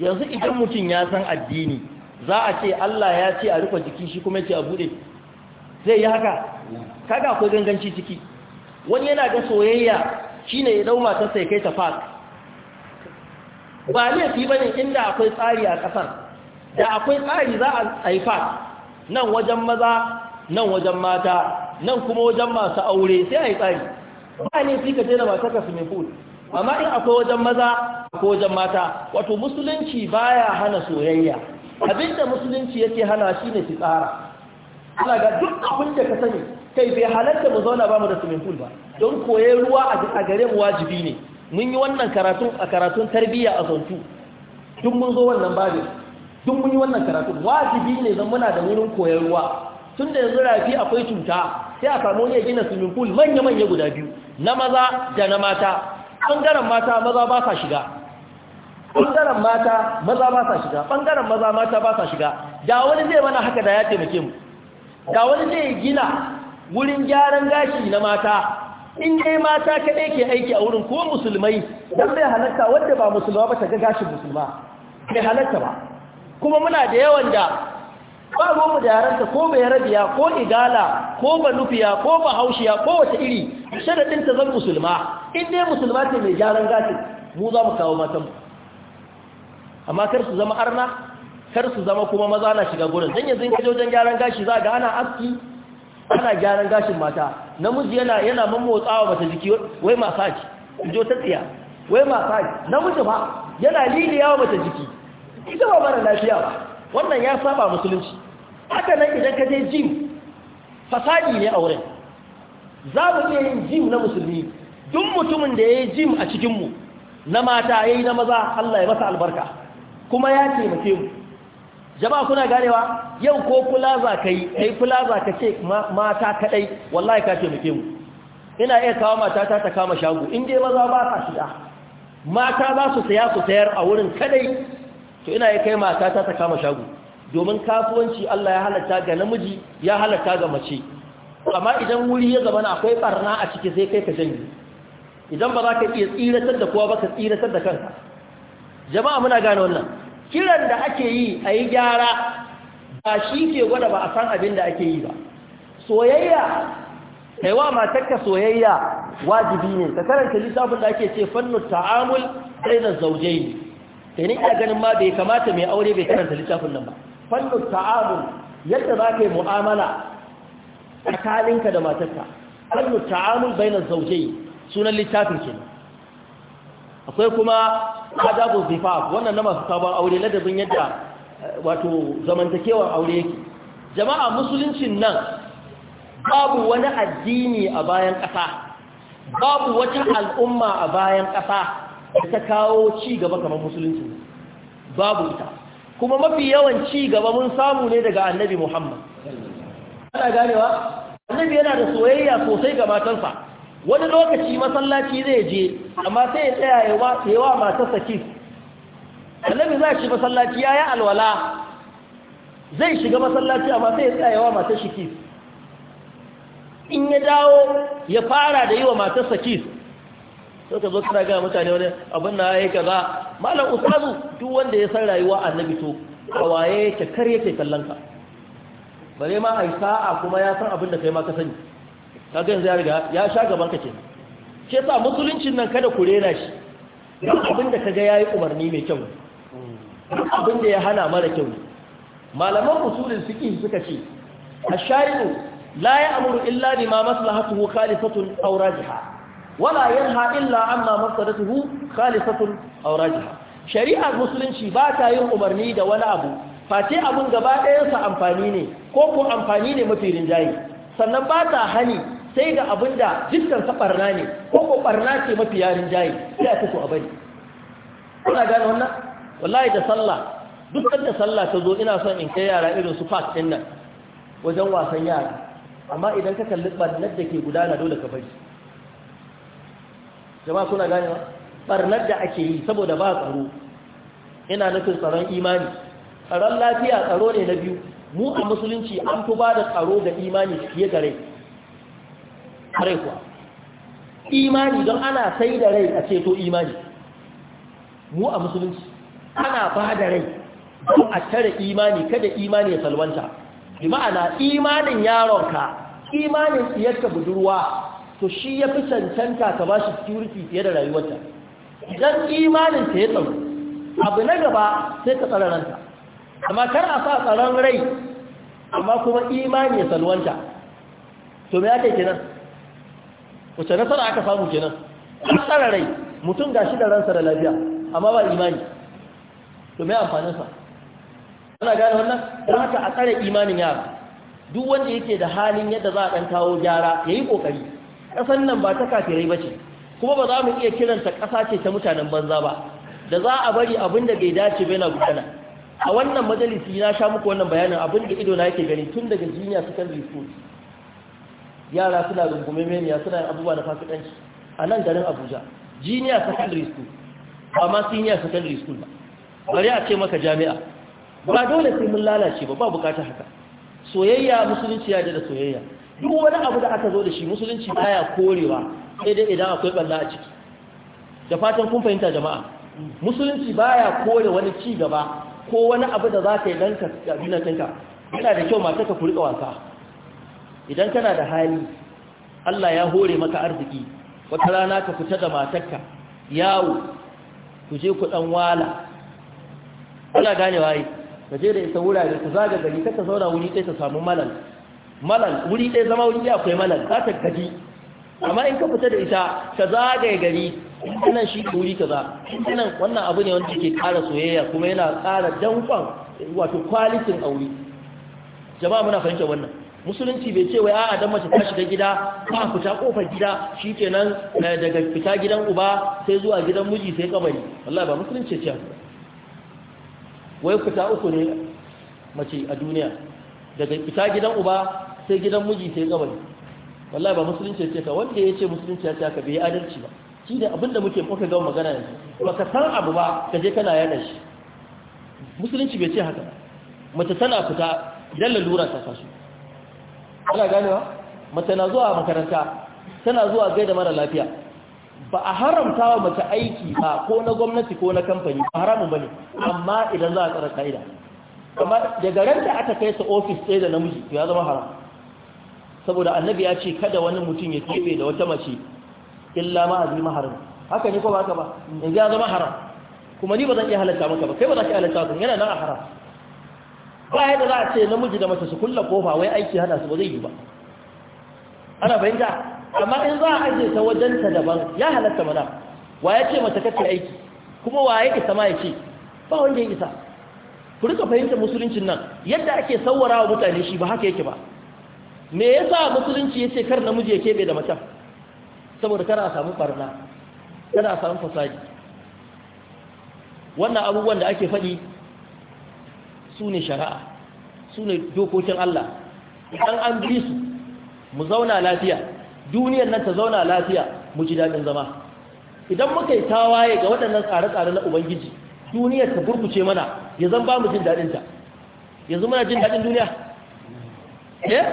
yanzu idan mutum ya san addini za a ce Allah ya ce a rufe jiki shi kuma ce a buɗe zai yi haka kaga akwai ganganci ciki wani yana ga soyayya shine ya dau matarsa ya kai ta fak ba laifi ba ne inda akwai tsari a ƙasar da akwai tsari za a haifa nan wajen maza nan wajen mata nan kuma wajen masu aure sai a yi tsari ba laifi ka daina masu kasu mai fudu amma in akwai wajen maza akwai wajen mata wato musulunci baya hana soyayya abinda musulunci yake hana shi ne fitsara ana ga duk abin da ka sani kai bai halarta mu zauna ba mu da swimming pool ba don koyar ruwa a gare mu wajibi ne mun yi wannan karatun a karatun tarbiyya a sautu duk mun zo wannan babin duk mun yi wannan karatun wajibi ne zan muna da wurin koyarwa. tun da yanzu rafi akwai cuta sai a samu ne gina swimming pool manya-manya guda biyu na maza da na mata ɓangaren mata maza ba sa shiga ɓangaren mata maza ba sa shiga ɓangaren maza mata ba sa shiga da wani zai mana haka da ya taimake mu da wani zai gina wurin gyaran gashi na mata in dai mata kaɗai ke aiki a wurin ko musulmai don zai halatta wadda ba musulma ba ta ga gashin musulma mai halatta ba kuma muna da yawan da ba mu da yaranta ko bai rabiya ko igala ko ba nufiya ko ba haushiya ko wata iri shaɗaɗin ta zan musulma in dai musulma ce mai gyaran gashi mu za mu kawo matan mu amma kar su zama arna kar su zama kuma maza na shiga gurin dan yanzu in kaje wajen gyaran gashi za ga ana aski ana gyaran gashin mata namiji yana yana mammotsawa mata jiki wai masaji jo ta tsiya wai masaji namiji ba yana liliyawa mata jiki ita ba mara lafiya ba wannan ya saba musulunci haka nan idan ka je jim fasadi ne a wurin za mu iya yin jim na musulmi duk mutumin da ya yi jim a cikinmu na mata ya yi na maza Allah ya masa albarka kuma ya taimake mu jama'a kuna ganewa yau ko plaza kai kai plaza ka ce mata kadai wallahi ka ce muke mu ina iya kawo mata ta ta kama shago in dai maza ba ka shiga mata za su saya su sayar a wurin kadai to ina iya kai mata ta ta kama shago domin kasuwanci Allah ya halatta ga namiji ya halatta ga mace amma idan wuri ya zama akwai barna a ciki sai kai ka janye idan ba za ka iya tsiratar da kowa ba ka tsiratar da kanka jama'a muna gane wannan kiran da ake yi a yi gyara ba shi ke gwada ba a san abin da ake yi ba soyayya kai wa matarka soyayya wajibi ne ta karanta littafin da ake ce fannu ta'amul bainaz zawjayn kai ne ina ganin ma bai kamata mai aure bai karanta littafin nan ba fannu ta'amul yadda za ka yi mu'amala tsakaninka da matarka fannu ta'amul na zauje sunan littafin ke. akwai kuma adabu zifaf wannan na masu sabon aure ladabin yadda eh, wato zamantakewar aure yake jama'a musuluncin nan babu wani addini a bayan ƙasa babu wata al'umma a bayan ƙasa da ta kawo ci gaba kamar musulunci babu ita kuma mafi yawan ci gaba mun samu ne daga annabi muhammad ana ganewa annabi yana da soyayya sosai ga matansa wani lokaci masallaci zai je amma sai ya tsaya ya wa matarsa kis annabi za shi masallaci ya yi alwala zai shiga masallaci amma sai ya tsaya ya wa matar shi in ya dawo ya fara da yi wa matarsa kis sai ka zo kana ga mutane wani abin na yayi kaza malam ustazu duk wanda ya san rayuwa annabi to kawaye ka kar yake kallon ka bare ma yi sa'a kuma ya san abin da kai ma ka sani kaga yanzu ya riga ya sha gaban ka kenan Ke sa musuluncin nan kada ku rena shi duk abin da kaga yayi umarni mai kyau duk abin da ya hana mara kyau malaman usulin fiqh suka ce ash-shari'u la ya'muru illa bima maslahatuhu khalifatun aw rajiha wala yanha illa amma maslahatuhu khalifatun aw rajiha shari'ar musulunci ba ta yin umarni da wani abu face abin gaba ɗayansa amfani ne ko ko amfani ne mafi rinjaye sannan ba ta hani sai ga abin da jinkan sa barna ne ko ko ɓarna ce mafi yarin jayi sai a fito a bari kuna gane wannan wallahi da sallah dukkan da sallah ta zo ina son in kai yara irin su park ɗin nan wajen wasan yara amma idan ka kalli ɓarnar da ke gudana dole ka bari jama'a kuna gane ɓarnar da ake yi saboda ba tsaro ina nufin tsaron imani tsaron lafiya tsaro ne na biyu mu a musulunci an fi ba da tsaro da imani fiye da rai kare kuwa imani don ana sai da rai a ceto imani mu a musulunci ana ba da rai don a tare imani kada imani ya salwanta bi ma'ana imanin yaronka imanin tsiyarka budurwa to shi ya fi cancanta ka ba shi security fiye da rayuwarta idan imanin ta ya tsaro abu na gaba sai ka tsara ranta amma kar a sa tsaron rai amma kuma imani ya salwanta to me ake kenan wace nasara aka samu kenan nasara tsara rai mutum gashi da ransa da lafiya amma ba imani to me amfanin sa ana gane wannan don haka a tsare imanin yara duk wanda yake da halin yadda za a dan kawo gyara yayi kokari kasan nan ba ta kafirai bace kuma ba za mu iya kiranta ƙasa ce ta mutanen banza ba da za a bari abin da bai dace ba na gudana a wannan majalisi na sha muku wannan bayanin abin da ido na yake gani tun daga junior sukan school yara suna rungume meniya suna yin abubuwa na fasikanci a nan garin abuja junior secondary school ba ma senior secondary school ba bari a ce maka jami'a ba dole sai mun lalace ba ba bukatar haka soyayya musulunci ya da soyayya duk wani abu da aka zo da shi musulunci baya korewa sai dai idan akwai balla a ciki da fatan kun fahimta jama'a musulunci baya kore wani ci gaba ko wani abu da za ka yi dan a gina kanka yana da kyau mata ka kuri wasa idan kana da hali Allah ya hore maka arziki wata rana ka fita da matarka yawo ku je ku dan wala ana gane waye ka je da isa wurare ka zaga gari ka zauna wuri ɗaya ka samu malal malal wuri ɗaya zama wuri ɗaya akwai malal za ta gaji amma in ka fita da ita ka zaga gari nan shi ka wuri kaza nan wannan abu ne wanda ke ƙara soyayya kuma yana ƙara danƙon wato kwalitin aure jama'a muna fahimtar wannan musulunci bai ce wa ya adam mace ta shiga gida ba fita kofar gida shi shikenan eh, daga fita gidan uba sai zuwa gidan miji sai kabari wallahi ba musulunci ce wai fita uku ne mace a duniya daga fita gidan uba sai gidan miji sai kabari wallahi ba musulunci ce ta wanda ya ce musulunci ya ta bai adalci ba shi ne abinda muke muka ga magana yanzu ba ka san abu ba ka je kana yana shi musulunci bai ce haka mace tana fita idan lalura ta kasu ana ganewa mace na zuwa makaranta tana zuwa gaida mara lafiya ba a haramta wa mace aiki ba ko na gwamnati ko na kamfani ba haramun bane amma idan za a tsara ka'ida amma daga ran da aka kai su ofis ɗaya da namiji ya zama haram saboda annabi ya ce kada wani mutum ya kebe da wata mace illa ma azmi maharam haka ne ko ba haka ba yanzu ya zama haram kuma ni ba zan iya halatta maka ba kai ba za iya halatta ba yana nan a haram ba da za a ce namiji da mace su kulla kofa wai aiki hana su ba zai yi ba ana fahimta amma in za a ajiye ta wajen ta daban ya halatta mana wa ya ce mace kacce aiki kuma wa ya isa ma ya ce ba wanda ya isa ku rika fahimta musuluncin nan yadda ake sauwara wa mutane shi ba haka yake ba me ya sa musulunci ya ce kar namiji ya kebe da mace saboda kana a samu barna kana a samu fasadi wannan abubuwan da ake faɗi su ne shari'a su ne dokokin Allah idan an bi su mu zauna lafiya duniyar nan ta zauna lafiya mu ji daɗin zama idan muka yi tawaye ga waɗannan tsare-tsare na ubangiji duniyar ta burkuce mana ya zan ba mu jin daɗin ta, yanzu muna jin daɗin duniya eh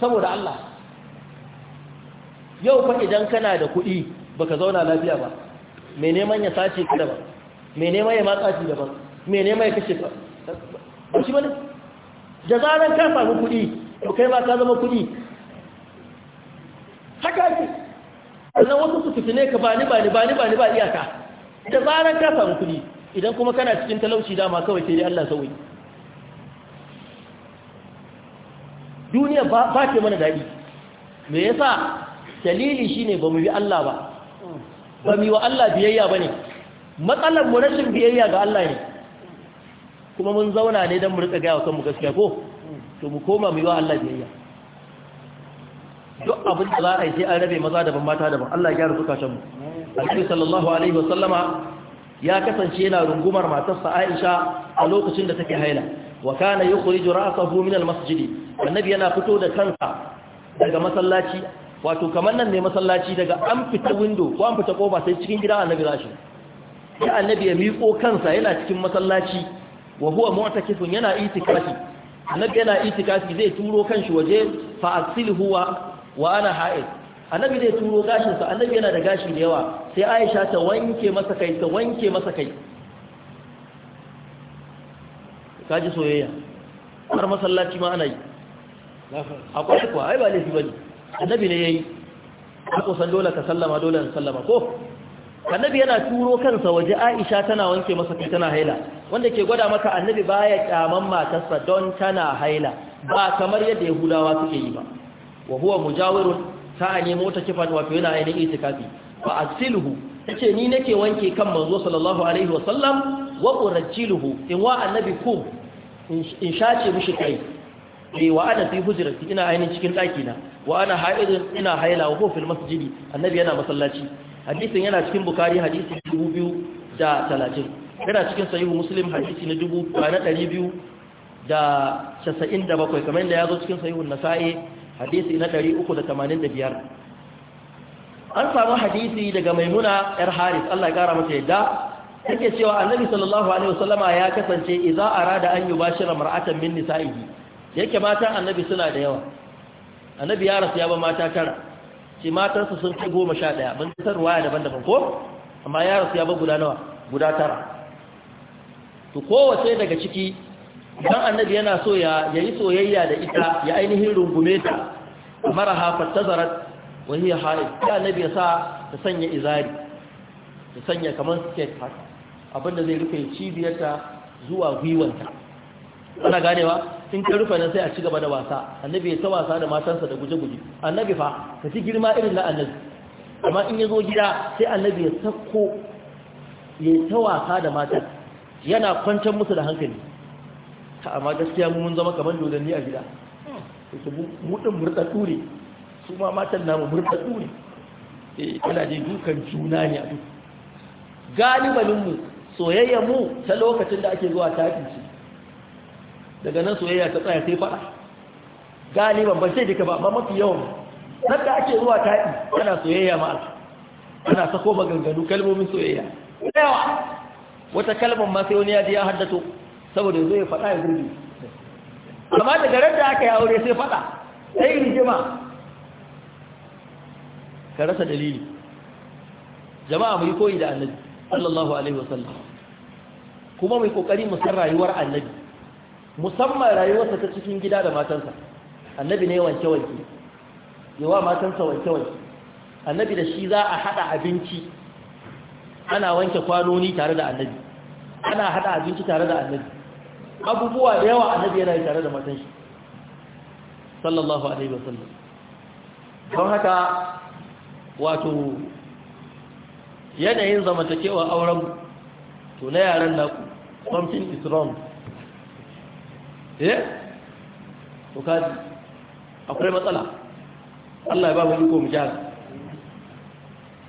saboda Allah yau fa idan kana da kuɗi baka zauna lafiya ba mai neman ya sace ka daban mai neman ya matsa shi daban mai neman ya kashe ka ba shi bane da zaran ka samu kuɗi to kai ma ka zama kuɗi haka ake sannan wasu su fitine ka bani-bani-bani ni ba iyaka da zaran ka samu kuɗi idan kuma kana cikin talauci dama kawai sai dai Allah sauyi duniya ba ke mana daɗi me yasa dalili shine ba mu bi Allah ba ba mu yi wa Allah biyayya ba ne. matsalar mu rashin biyayya ga Allah ne kuma mun zauna ne don mu rika gaya wa kanmu gaskiya ko to mu koma mu yi wa Allah biyayya duk abin da za a yi sai an rabe maza daban mata daban Allah ya gyara zukatan mu Annabi sallallahu alaihi wasallama ya kasance yana rungumar matarsa Aisha a lokacin da take haila wa kana yukhriju ra'sahu min al-masjid annabi yana fito da kansa daga masallaci wato kamar nan ne masallaci daga an fita window ko an fita kofa sai cikin gidan annabi zashi sai annabi ya miƙo kansa yana cikin masallaci wa huwa mu'takifun yana itikafi annabi yana itikafi zai turo kanshi waje fa asilhu wa wa ana ha'id annabi zai turo gashin sa annabi yana da gashi da yawa sai Aisha ta wanke masa kai ta wanke masa kai kaji soyayya har masallaci ma ana yi akwai kuwa ai ba laifi bane annabi ne yayi ko san dole ka sallama dole ka sallama ko annabi yana turo kansa waje aisha tana wanke masa kai tana haila wanda ke gwada maka annabi baya kyaman matarsa don tana haila ba kamar yadda yahudawa suke yi ba wa huwa mujawirun ta ne mota kifan wato yana ainihin itikafi fa asiluhu tace ni nake wanke kan manzo sallallahu alaihi wa sallam wa urjiluhu in wa annabi ku in shace mishi kai ne eh, wa ana fi hujrati ina ainihin cikin daki na wa ana haidin ina haila wa fil masjidi annabi yana masallaci hadisin yana cikin bukari hadisi 2030 yana cikin sahihu muslim hadisi na 2200 da 97 kamar yadda ya zo cikin sahihun nasa'i hadisi na 385 an samu hadisi daga maimuna yar haris Allah ya kara mata yadda take cewa annabi sallallahu alaihi wasallama ya kasance idza arada an yubashira mar'atan min nisa'ihi yake mata annabi suna da yawa annabi ya rasu ya ba mata tara ce matansa sun kai goma sha ɗaya ban san waya daban-daban ko amma ya rasu ya ba guda nawa guda tara to kowace daga ciki don annabi yana so ya yi soyayya da ita ya ainihin rungume ta maraha fattazarat wa hiya haid ya annabi ya sa ta sanya izari ta sanya kamar skate haka abinda zai rufe cibiyarta zuwa gwiwanta ana ganewa in ta rufe nan sai a ci gaba da wasa annabi ya ta wasa da matansa da guje-guje annabi fa ka ci girma irin na annabi amma in ya zo gida sai annabi ya sako ya ta wasa da matan yana kwantar musu da hankali amma gaskiya mun zama kamar dodanni a gida su mutum murta ne su ma matan namu ture ne yana eh, dai dukan juna ne a duk galibaninmu soyayya mu ta lokacin da ake zuwa tafi daga nan soyayya ta tsaya sai fada galiban ban sai duka ba amma mafi yawan da ake zuwa taɗi ana soyayya ma ana sako maganganu kalmomin soyayya yawa wata kalmar ma sai wani ya ji ya haddato saboda zai ya fada ya zurbi amma daga ran da aka yi aure sai fada sai rigima ka rasa dalili jama'a mu yi koyi da annabi sallallahu alaihi wasallam kuma mu yi kokari mu san rayuwar annabi musamman rayuwarsa ta cikin gida da matansa annabi ne wanke-wanke yawa matansa wanke-wanke annabi da shi za a haɗa abinci ana wanke kwanoni tare da annabi ana haɗa abinci tare da annabi abubuwa da yawa annabi yana yi tare da matanshi. sallallahu alaihi wasallam don haka wato yanayin zamantakewa auren to na yaran naku something is wrong eh to kaji akwai matsala Allah ya ba mu iko mu jihar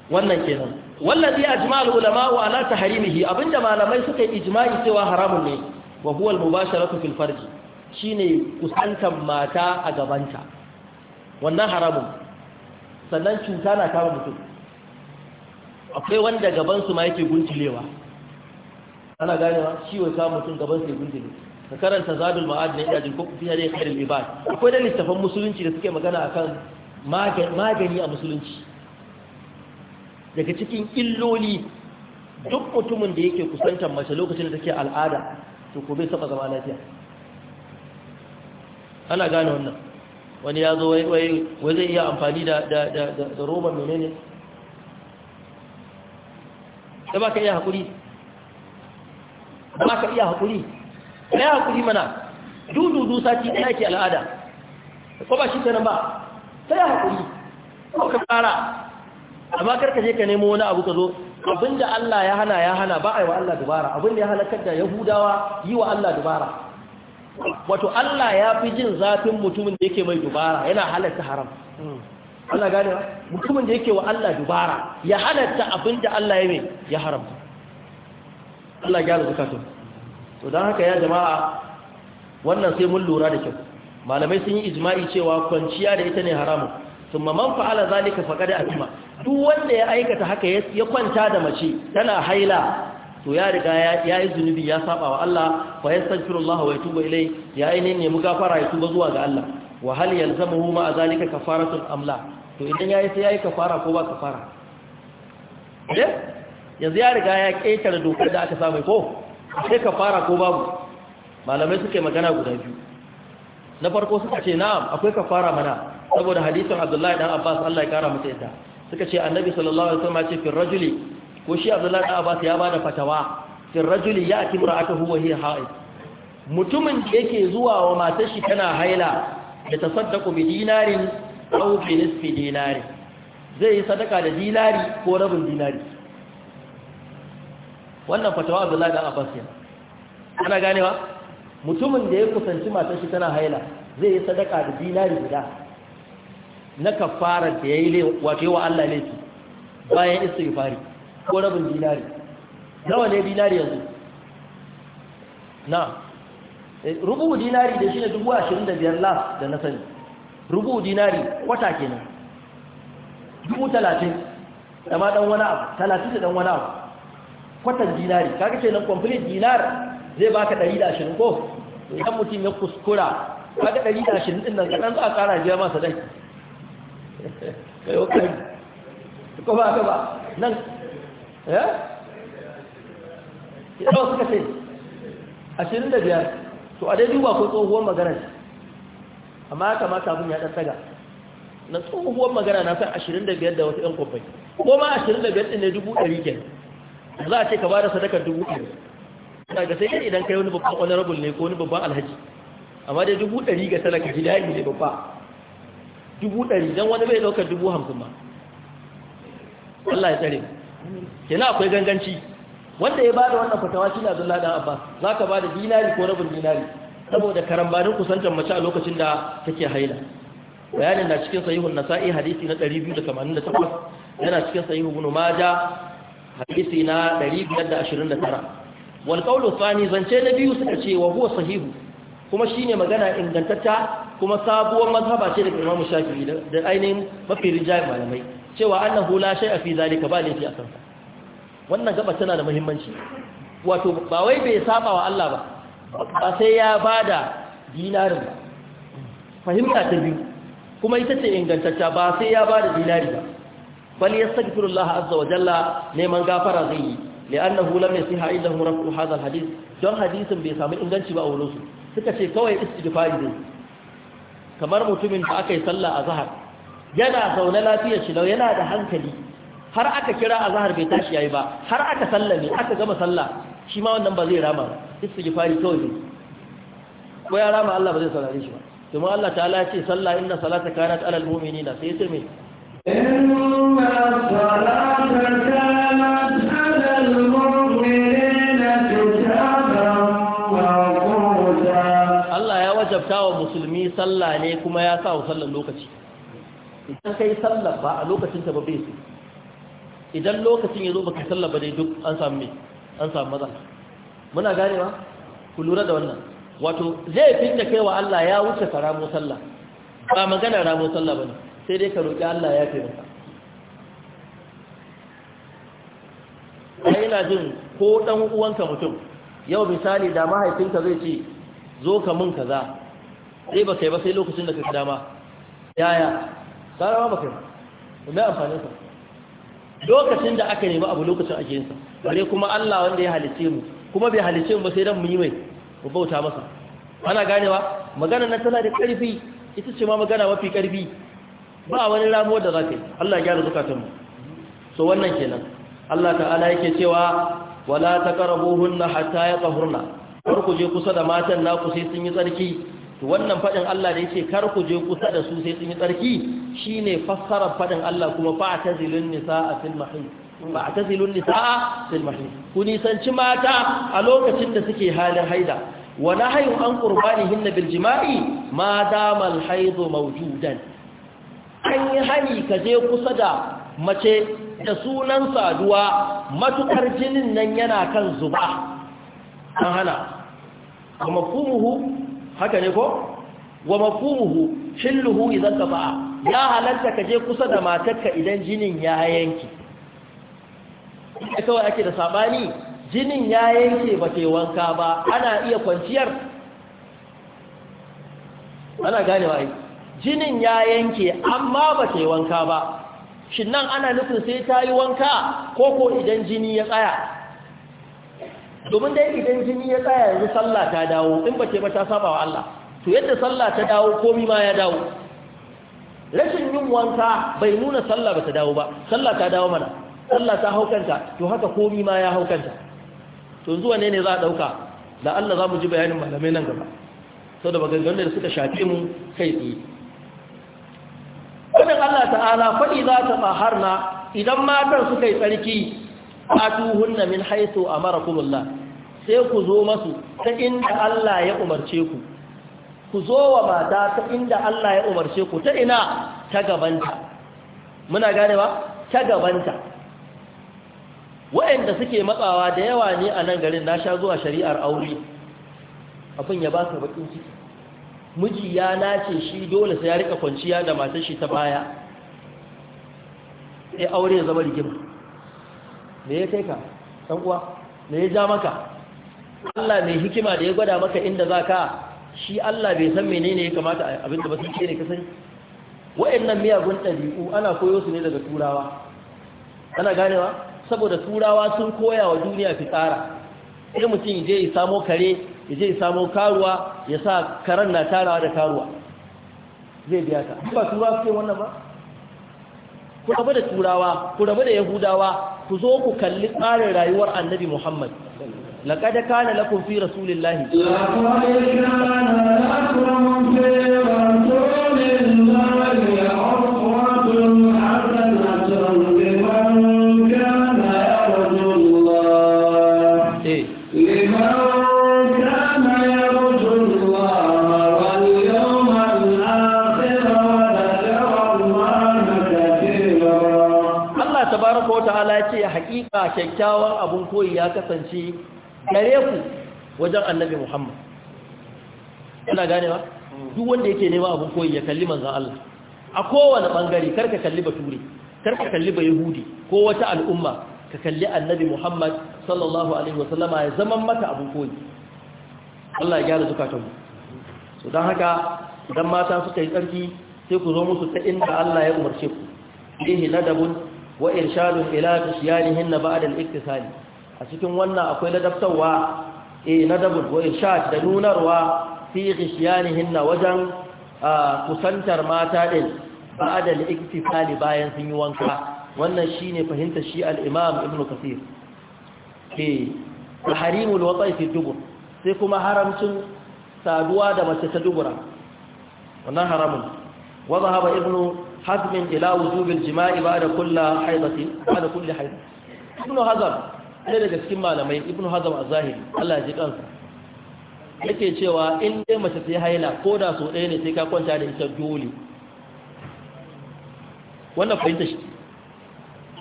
wannan kenan wallazi ajma'al ulama wa ala tahrimihi abinda malamai suka yi ijma'i cewa haramun ne wa huwa al-mubasharatu fil farj shine kusantan mata a gabanta wannan haramun sannan cuta na kama mutum akwai wanda gaban su ma yake guntulewa ana ganewa ciwo kama mutum gaban su ya guntule ka karanta zadul ma'ad ne ina jin ko fi kai da ibad akwai da littafan musulunci da suke magana akan magani a musulunci daga cikin illoli duk mutumin da yake kusantar mace lokacin da take al'ada to ko bai saba zama lafiya ana gane wannan wani ya zo wai zai iya amfani da da da menene da ba ka iya haƙuri ba ka iya haƙuri ku hakuri mana du-dudu sati ɗaya ke al'ada ko ba shi nan ba sai hakuri ko ka fara amma karka je ka nemo wani abu ka zo abinda Allah ya hana ya hana ba a yi wa Allah dubara abinda ya halakar da yahudawa yi wa Allah dubara wato Allah ya fi jin zafin mutumin da yake mai dubara yana halatta haram Allah gane ba mutumin da yake wa Allah dubara ya halatta abinda Allah ya mai ya haram Allah ya gane zakatun to don haka ya jama'a wannan sai mun lura da kyau malamai sun yi ijma'i cewa kwanciya da ita ne haramun sun man fa'ala zalika da asima duk wanda ya aikata haka ya kwanta da mace tana haila to ya riga ya yi zunubi ya saba wa Allah fa yastaghfirullah wa tuba ilai ya yi ne mu gafara ya tuba zuwa ga Allah wa hal yalzamuhu a zalika sun amla to idan ya yi sai ka kafara ko ba kafara eh yanzu ya riga ya ƙetare dokar da aka samu ko sai ka fara ko babu malamai suke magana guda biyu na farko suka ce na'am akwai ka fara mana saboda hadisin abdullahi dan abbas allah ya kara masa yadda suka ce annabi sallallahu alaihi wasallam ce fil rajuli ko shi abdullahi dan abbas ya bada fatawa fil rajuli ya'ti imra'atuhu wa hiya ha'id mutumin da yake zuwa wa matar shi tana haila da tasaddaqu bi dinarin aw bi nisfi dinari. zai yi sadaka da dinari ko rabin dinari wannan fatawa abdullahi dan abbas ne ana ganewa mutumin da ya kusanci matar shi tana haila zai yi sadaka da dinari guda na kafara da ya yi wato wa Allah laifi bayan istighfari ko rabin dinari nawa ne dinari yanzu na eh, rubu dinari da shi ne dubu ashirin da biyar las da na sani rubu dinari wata kenan dubu talatin da ma dan wani abu talatin da dan wani abu kwatan dinari kaga ce nan complete dinar zai baka 120 ko idan mutum ya kuskura kaga 120 din nan kadan za a kara jiya masa dai kai okay ko ba ka ba nan eh idan suka ce 25 to a dai duba ko tsohuwar magana amma kamata abun ya daga na tsohuwar magana na san 25 da wasu ɗan kwamfani ko ma 25 ɗin ne dubu ɗari kenan za a ce ka ba da sadakar dubu ɗari ga sai idan kai wani babban honorable ne ko wani babban alhaji amma dai dubu ɗari ga talaka jidari ne babba dubu ɗari don wani bai ɗaukar dubu hamsin ba Allah ya tsare na akwai ganganci wanda ya ba da wannan fatawa shi na Abdullahi dan Abba za ka ba da dinari ko rabin dinari saboda karambanin kusantar mace a lokacin da take haila bayanin na cikin sahihun nasa'i hadisi na 288 yana cikin sahihun ibn hadisi na 529 wal qawlu thani zance na biyu suka ce wa huwa sahihu kuma shine magana ingantatta kuma sabuwar mazhaba ce daga Imam Shafi'i da ainihin mafi rijal malamai cewa annahu la shay'a fi zalika ba lafi asan wannan gaba tana da muhimmanci wato ba wai bai saba wa Allah ba ba sai ya bada dinarin fahimta ta biyu kuma ita ce ingantatta ba sai ya bada dinari ba bal yastaghfirullah azza wa jalla neman gafara zai yi li'annahu lam yasiha illa hu rafu hadha alhadith don hadisin bai samu inganci ba a wurin su suka ce kawai istighfari dai kamar mutumin da aka yi sallah azhar yana zaune lafiyar shi lau yana da hankali har aka kira azhar bai tashi yayi ba har aka sallame aka gama sallah shi ma wannan ba zai rama istighfari kawai dai ko ya rama Allah ba zai saurare shi ba kuma Allah ta'ala ya ce sallah inna salata kanat alal mu'minina sai ya ce musulmi sallah ne kuma ya sa wa sallar lokaci idan ka yi sallar ba a lokacin ta ba bai su idan lokacin ya zo ba ka sallar ba dai duk an samu mai an samu maza muna gane ganewa ku lura da wannan wato zai fi ta kai wa Allah ya wuce ka ramo sallah ba magana ramo sallah ne. sai dai ka roƙi Allah ya fi maka ai ina jin ko ɗan uwanka mutum yau misali da mahaifinka zai ce zo ka mun kaza sai ba kai ba sai lokacin da ka dama yaya tsara ba kai ba amfani amfanin sa lokacin da aka nemi abu lokacin ake yinsa bare kuma Allah wanda ya halice mu kuma bai halice mu ba sai dan mu yi mai mu bauta masa ana ganewa magana nan tana da ƙarfi ita ce ma magana mafi ƙarfi ba wani ramuwar da za ta yi Allah ya gyara zukatanmu so wannan kenan Allah ta'ala yake cewa wala na hatta yatahurna kar ku je kusa da matan naku sai sun yi tsarki wannan faɗin Allah da yake kar ku je kusa da su sai sun yi tsarki shi ne fassarar faɗin Allah kuma a fa'tazilun nisaa Ba a fa'tazilun nisaa fil mahid ku nisanci mata a lokacin da suke halin haida wa nahyu an qurbanihinna bil jima'i ma dama al haid mawjudan an yi hani ka je kusa da mace da sunan saduwa matukar jinin nan yana kan zuba an hana wa mafhumuhu haka ne ko wa mafhumuhu shilluhu idan ka ba ya halatta ka je kusa da matarka idan jinin ya yanke kawai ake da sabani jinin ya yanke ba ke wanka ba ana iya kwanciyar ana ganewa yi jinin ya yanke amma ba ta yi wanka ba shin nan ana nufin sai ta yi wanka ko ko idan jini ya tsaya domin dai idan jini ya tsaya yanzu sallah ta dawo in ba ce ba ta saba wa Allah to yadda sallah ta dawo komi ma ya dawo rashin yin wanka bai nuna sallah ba ta dawo ba sallah ta dawo mana sallah ta haukanta to haka komi ma ya haukanta to zuwa ne ne za a dauka da Allah za mu ji bayanin malamai nan gaba saboda maganganun da suka shafe mu kai tsaye Wannan Allah ta'ala faɗi za ta na idan matan suka yi tsarki a tuhunna min haito a mara kumulla sai ku zo masu ta inda Allah ya umarce ku. Ku zo wa mata ta inda Allah ya umarce ku ta ina ta gabanta. Muna gane ba? Ta gabanta. Wa'yanda suke matsawa da yawa ne a nan garin na sha zuwa shari'ar aure, abin ya ba su baƙin ciki. miji ya nace shi dole sai ya rika kwanciya da matar shi ta baya sai aure ya zama rigima me ya kai ka uwa me ya ja maka Allah mai hikima da ya gwada maka inda zaka shi Allah bai san menene ya kamata abin da ba sai ne ka sani wa'annan miyagun dabi'u ana koyo su ne daga turawa ana ganewa saboda turawa sun koya wa duniya fitsara sai mutum je ya samo kare ya je ya samo karuwa ya sa karen na tarawa da karuwa zai biya ta ba turawa suke wannan ba ku rabu da turawa ku rabu da yahudawa ku zo ku kalli tsarin rayuwar annabi muhammad لقد كان لكم في رسول الله لقد كان لكم في رسول الله a kyakkyawan abun koyi ya kasance gare ku wajen annabi Muhammad kana gane ba duk wanda yake nema abun koyi ya kalli manzon Allah a kowane bangare karka kalli bature karka kalli ba yahudi ko wata al'umma ka kalli annabi Muhammad sallallahu alaihi wasallama ya zaman mata abun koyi Allah ya gyara zukatanmu so don haka idan mata suka yi tsarki sai ku zo musu ta inda Allah ya umarce ku ihi ladabun wa irshadu ila tashyalihin ba'd al-iktisali a cikin wannan akwai ladabtawa eh nadabul wa irshad da nunarwa fi ghishyanihin wajen ah, kusantar mata din ba'd al-iktisali bayan sun yi wanka wannan shine fahimta shi al-imam ibn kathir eh harimul wata'i fi dubur sai kuma haramcin saduwa da mace ta dubura wannan haramun wa zahaba ibnu hazmin ila وجوب jima'i ba da kulla بعد ba da ابن haidati ibnu hazar ne daga cikin malamai ibnu hazar a zahiri Allah ya ji kansa yake cewa in dai mace ta haila ko da so ɗaya ne sai ka kwanta da ita dole wannan fahimta shi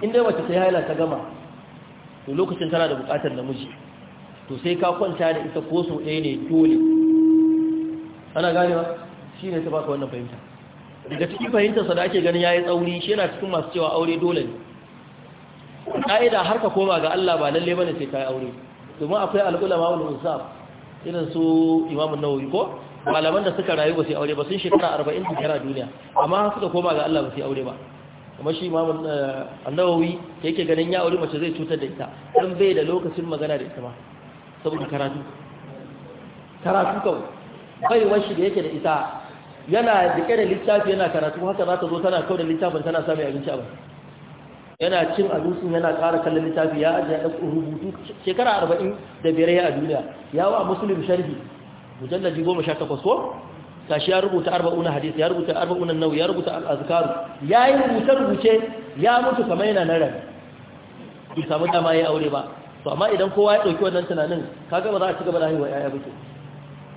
in dai mace ta haila ta gama to lokacin tana da bukatar namiji to sai ka kwanta da ita ko so ɗaya ne dole ana ganewa shi ne ta baka wannan fahimta daga cikin fahimtarsa da ake ganin ya yi tsauri shi yana cikin masu cewa aure dole ne ƙa'ida har ka koma ga Allah ba lalle bane sai ka yi aure domin akwai al'ulama wani musaf irin su imamun nawawi ko malaman da suka rayu ba su aure ba sun shekara arba'in da kera duniya amma suka koma ga Allah ba su aure ba kuma shi imamun eh, nawawi da yake ganin ya aure mace zai cutar da ita Don bai da lokacin magana da ita ma saboda karatu karatu kawai bai wani da yake da ita yana dike da littafi yana karatu haka za ta zo tana kawai da littafin tana sami abinci a yana cin abincin yana ƙara kallon littafi ya ajiye ɗan rubutu shekara arba'in da biyar a duniya ya wa musulun sharhi mujallaji goma sha takwas ko kashi ya rubuta arba'una hadisi ya rubuta arba'una nau ya rubuta al'azkaru ya yi rubuce-rubuce ya mutu kamar yana na rabi ki samu dama ya aure ba to amma idan kowa ya ɗauki wannan tunanin kaga ba za a ci gaba da haihuwa yaya ba ke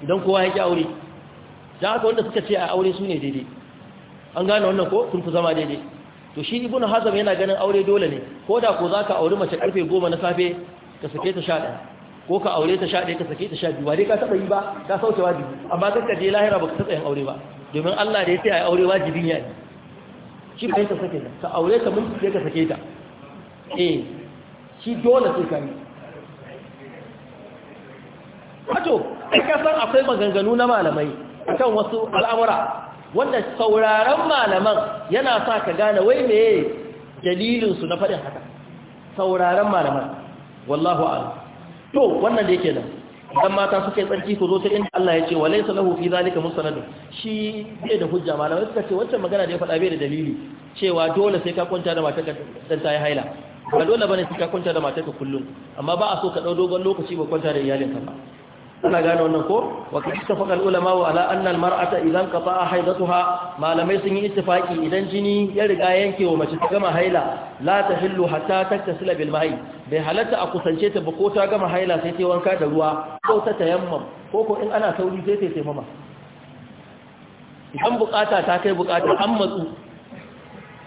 idan kowa ya ƙi aure da aka wanda suka ce a aure su ne daidai an gane wannan ko sun fi zama daidai to shi ibn hazam yana ganin aure dole ne ko da ko za ka auri mace karfe goma na safe ka sake ta sha ɗaya ko ka aure ta sha ɗaya ka sake ta sha biyu ba dai ka taɓa yi ba ka sauke wajibi amma kan je lahira ba ka taɓa yin aure ba domin allah da ya ce a aure wajibin ya ne shi ba ka sake ta ka aure ta mun sai ka sake ta eh shi dole sai ka yi wato ka san akwai maganganu na malamai akan wasu al'amura wanda sauraron malaman yana sa ka gane wai meye dalilinsu na faɗin haka sauraron malaman wallahu a'lam to wannan da yake nan dan mata suka yi tsarki su zo ta inda Allah ya ce wa laysa lahu fi zalika musnadun shi bai da hujja malamai suka ce wacce magana da ya faɗa bai da dalili cewa dole sai ka kwanta da matarka dan ta yi haila ba dole bane sai ka kwanta da matarka kullum amma ba a so ka dau dogon lokaci ba kwanta da iyalinka ba ana gane wannan ko wa kadi ulama wa ala anna al mar'ata idan qata'a haidatuha malamai sun yi ittifaki idan jini ya riga yanke wa mace ta gama haila la tahillu hatta taktasila bil ma'i bai halatta a kusance ta ba ko ta gama haila sai ta wanka da ruwa ko ta tayammum ko ko in ana sauri sai ta tayammuma idan bukata ta kai bukata an matsu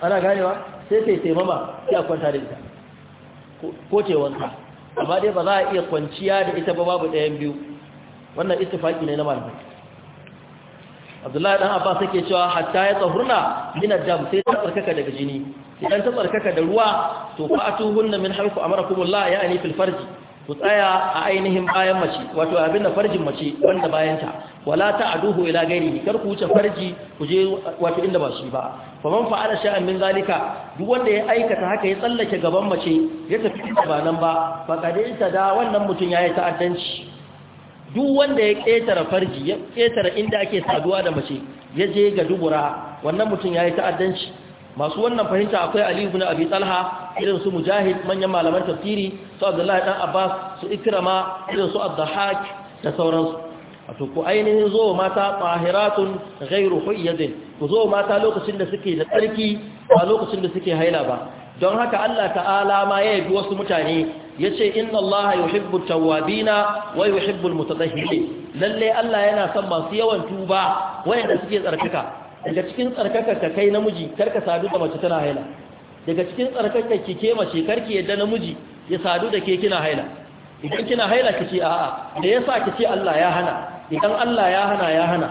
ana ganewa sai ta tayammuma sai a kwanta da ita ko ce wanka amma dai ba za a iya kwanciya da ita ba babu ɗayan biyu wannan ittifaki ne na malamai abdullahi dan abbas yake cewa hatta ya tsahurna min ad-dam sai ta tsarkaka daga jini idan ta tsarkaka da ruwa to atuhunna min halqu amarakumullah ya'ni fil farji ku tsaya a ainihin bayan mace wato abin da farjin mace wanda bayanta wala aduhu ila gairi kar ku wuce farji ku je wato inda ba shi ba faman fa'ala sha'an min zalika duk wanda ya aikata haka ya tsallake gaban mace ya tafi ba nan ba fa kadai ta da wannan mutun yayi ta'addanci duk wanda ya ƙetare farji ya ƙetare inda ake saduwa da mace ya je ga dubura wannan mutum ya yi ta'addanci masu wannan fahimta akwai Ali ibn Abi Talha irin su Mujahid manyan malaman tafsiri su Abdullahi dan Abbas su Ikrama irin su Abdahak da sauransu wato ku ainihin zo mata tahiratun ghairu huyyadin ku zo mata lokacin da suke da tsarki ba lokacin da suke haila ba don haka Allah ta'ala ma ya bi wasu mutane ya ce inna Allah ya hibbu tawabina wa ya hibbu lalle Allah yana son masu yawan tuba wayanda suke tsarkaka daga cikin tsarkaka ka kai namiji karka sadu da mace tana haila daga cikin tsarkaka ki ke mace karki yadda namiji ya sadu da ke kina haila idan kina haila kici, a'a da yasa kice Allah ya hana idan Allah ya hana ya hana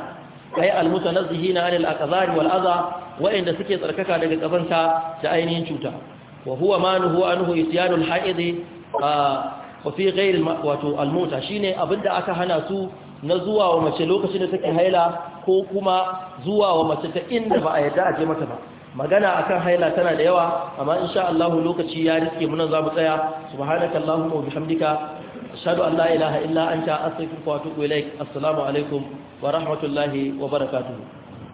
kai almutanazzihina anil wal'aza, wal adha wa'inda suke tsarkaka daga kazanta da ainihin cuta وهو ما نهو عنه اتيان الحائض وفي غير wato almota shine da aka hana su na zuwa wa mace lokacin da take haila ko kuma zuwa wa mace ta inda ba a yadda a mata ba magana akan haila tana da yawa amma insha Allah lokaci ya rike mu nan za mu tsaya subhanakallahumma wa bihamdika ashhadu an la ilaha illa anta astaghfiruka wa atubu ilaik assalamu alaikum wa rahmatullahi wa barakatuh